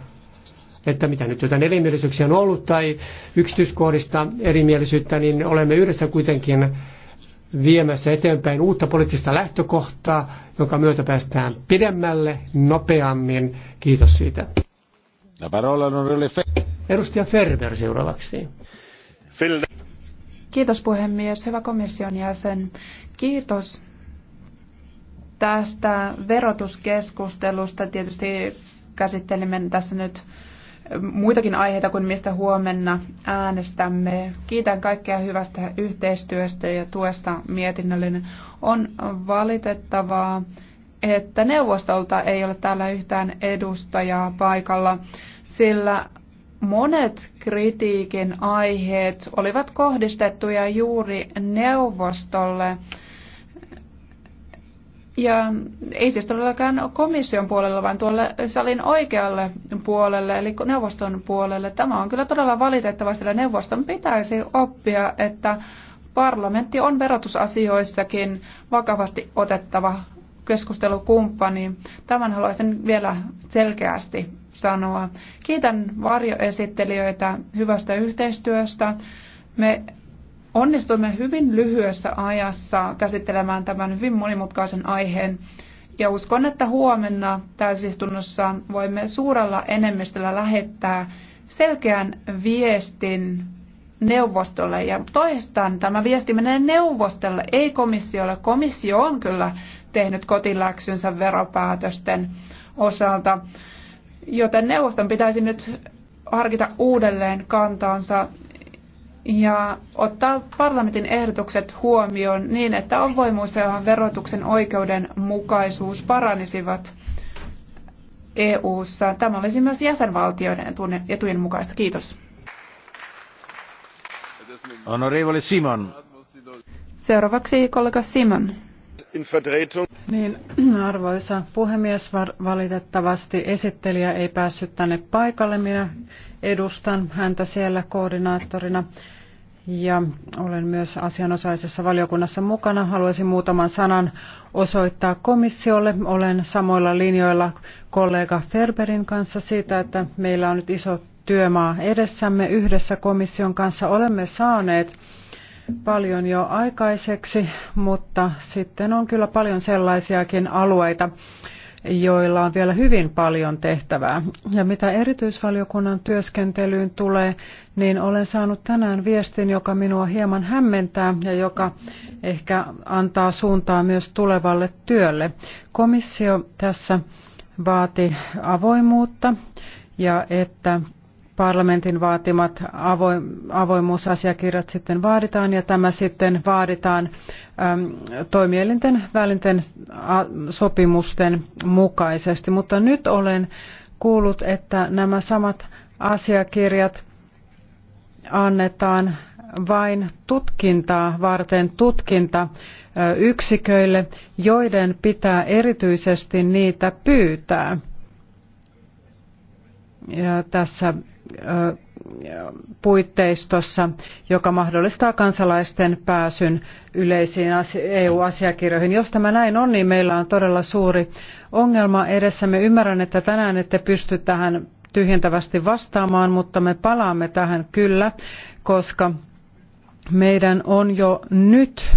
että mitä nyt jotain erimielisyyksiä on ollut tai yksityiskohdista erimielisyyttä, niin olemme yhdessä kuitenkin viemässä eteenpäin uutta poliittista lähtökohtaa, jonka myötä päästään pidemmälle, nopeammin. Kiitos siitä. Edustaja Ferber seuraavaksi. Kiitos puhemies, hyvä komission jäsen. Kiitos tästä verotuskeskustelusta. Tietysti käsittelimme tässä nyt muitakin aiheita kuin mistä huomenna äänestämme. Kiitän kaikkea hyvästä yhteistyöstä ja tuesta mietinnöllinen. On valitettavaa, että neuvostolta ei ole täällä yhtään edustajaa paikalla, sillä monet kritiikin aiheet olivat kohdistettuja juuri neuvostolle. Ja ei siis todellakaan komission puolella, vaan tuolle salin oikealle puolelle, eli neuvoston puolelle. Tämä on kyllä todella valitettava, sillä neuvoston pitäisi oppia, että parlamentti on verotusasioissakin vakavasti otettava keskustelukumppani. Tämän haluaisin vielä selkeästi sanoa. Kiitän varjoesittelijöitä hyvästä yhteistyöstä. Me Onnistuimme hyvin lyhyessä ajassa käsittelemään tämän hyvin monimutkaisen aiheen. Ja uskon, että huomenna täysistunnossa voimme suurella enemmistöllä lähettää selkeän viestin neuvostolle. Ja toistan, tämä viesti menee neuvostolle, ei komissiolle. Komissio on kyllä tehnyt kotiläksynsä veropäätösten osalta, joten neuvoston pitäisi nyt harkita uudelleen kantaansa ja ottaa parlamentin ehdotukset huomioon niin, että avoimuus ja verotuksen oikeudenmukaisuus paranisivat EU-ssa. Tämä olisi myös jäsenvaltioiden etujen mukaista. Kiitos. Honorevole Simon. Seuraavaksi kollega Simon. Niin, arvoisa puhemies, valitettavasti esittelijä ei päässyt tänne paikalle. Minä edustan häntä siellä koordinaattorina ja olen myös asianosaisessa valiokunnassa mukana. Haluaisin muutaman sanan osoittaa komissiolle. Olen samoilla linjoilla kollega Ferberin kanssa siitä, että meillä on nyt iso työmaa edessämme. Yhdessä komission kanssa olemme saaneet paljon jo aikaiseksi, mutta sitten on kyllä paljon sellaisiakin alueita, joilla on vielä hyvin paljon tehtävää. Ja mitä erityisvaliokunnan työskentelyyn tulee, niin olen saanut tänään viestin, joka minua hieman hämmentää ja joka ehkä antaa suuntaa myös tulevalle työlle. Komissio tässä vaati avoimuutta ja että parlamentin vaatimat avoimuusasiakirjat sitten vaaditaan ja tämä sitten vaaditaan toimielinten välinen sopimusten mukaisesti. Mutta nyt olen kuullut, että nämä samat asiakirjat annetaan vain tutkintaa varten tutkinta yksiköille, joiden pitää erityisesti niitä pyytää. Ja tässä puitteistossa, joka mahdollistaa kansalaisten pääsyn yleisiin EU-asiakirjoihin. Jos tämä näin on, niin meillä on todella suuri ongelma edessämme. Ymmärrän, että tänään ette pysty tähän tyhjentävästi vastaamaan, mutta me palaamme tähän kyllä, koska meidän on jo nyt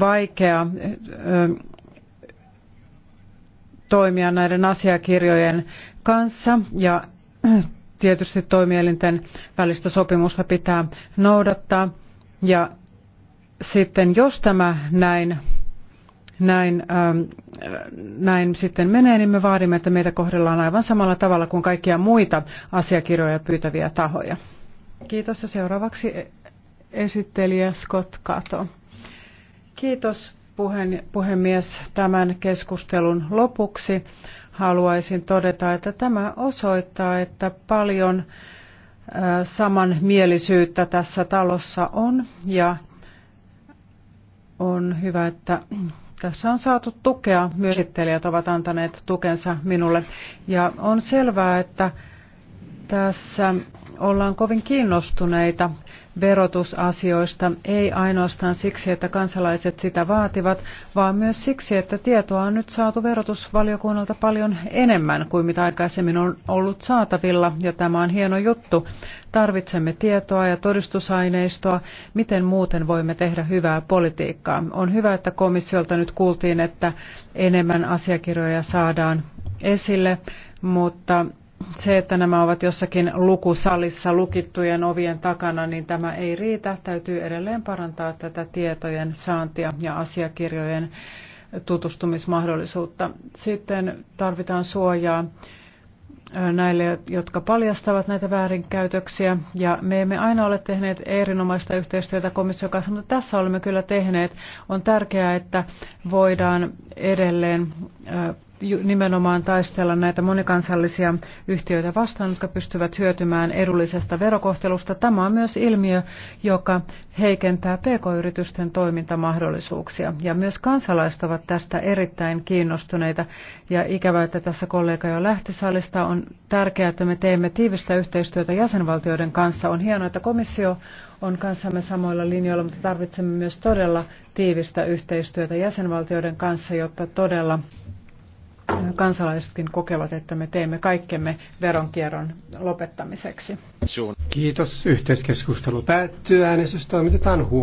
vaikea toimia näiden asiakirjojen kanssa ja tietysti toimielinten välistä sopimusta pitää noudattaa. Ja sitten jos tämä näin, näin, ähm, äh, näin sitten menee, niin me vaadimme, että meitä kohdellaan aivan samalla tavalla kuin kaikkia muita asiakirjoja pyytäviä tahoja. Kiitos ja seuraavaksi esittelijä Scott Kato. Kiitos puhemies tämän keskustelun lopuksi haluaisin todeta, että tämä osoittaa, että paljon samanmielisyyttä tässä talossa on ja on hyvä, että tässä on saatu tukea. Myös ovat antaneet tukensa minulle ja on selvää, että tässä ollaan kovin kiinnostuneita verotusasioista, ei ainoastaan siksi, että kansalaiset sitä vaativat, vaan myös siksi, että tietoa on nyt saatu verotusvaliokunnalta paljon enemmän kuin mitä aikaisemmin on ollut saatavilla, ja tämä on hieno juttu. Tarvitsemme tietoa ja todistusaineistoa, miten muuten voimme tehdä hyvää politiikkaa. On hyvä, että komissiolta nyt kuultiin, että enemmän asiakirjoja saadaan esille, mutta se, että nämä ovat jossakin lukusalissa lukittujen ovien takana, niin tämä ei riitä. Täytyy edelleen parantaa tätä tietojen saantia ja asiakirjojen tutustumismahdollisuutta. Sitten tarvitaan suojaa näille, jotka paljastavat näitä väärinkäytöksiä. Ja me emme aina ole tehneet erinomaista yhteistyötä komission kanssa, mutta tässä olemme kyllä tehneet. On tärkeää, että voidaan edelleen nimenomaan taistella näitä monikansallisia yhtiöitä vastaan, jotka pystyvät hyötymään edullisesta verokohtelusta. Tämä on myös ilmiö, joka heikentää pk-yritysten toimintamahdollisuuksia. Ja myös kansalaiset ovat tästä erittäin kiinnostuneita. Ja ikävä, että tässä kollega jo lähti salista. On tärkeää, että me teemme tiivistä yhteistyötä jäsenvaltioiden kanssa. On hienoa, että komissio on kanssamme samoilla linjoilla, mutta tarvitsemme myös todella tiivistä yhteistyötä jäsenvaltioiden kanssa, jotta todella kansalaisetkin kokevat, että me teemme kaikkemme veronkierron lopettamiseksi. Kiitos. Yhteiskeskustelu päättyy. Äänestys toimitetaan huomenna.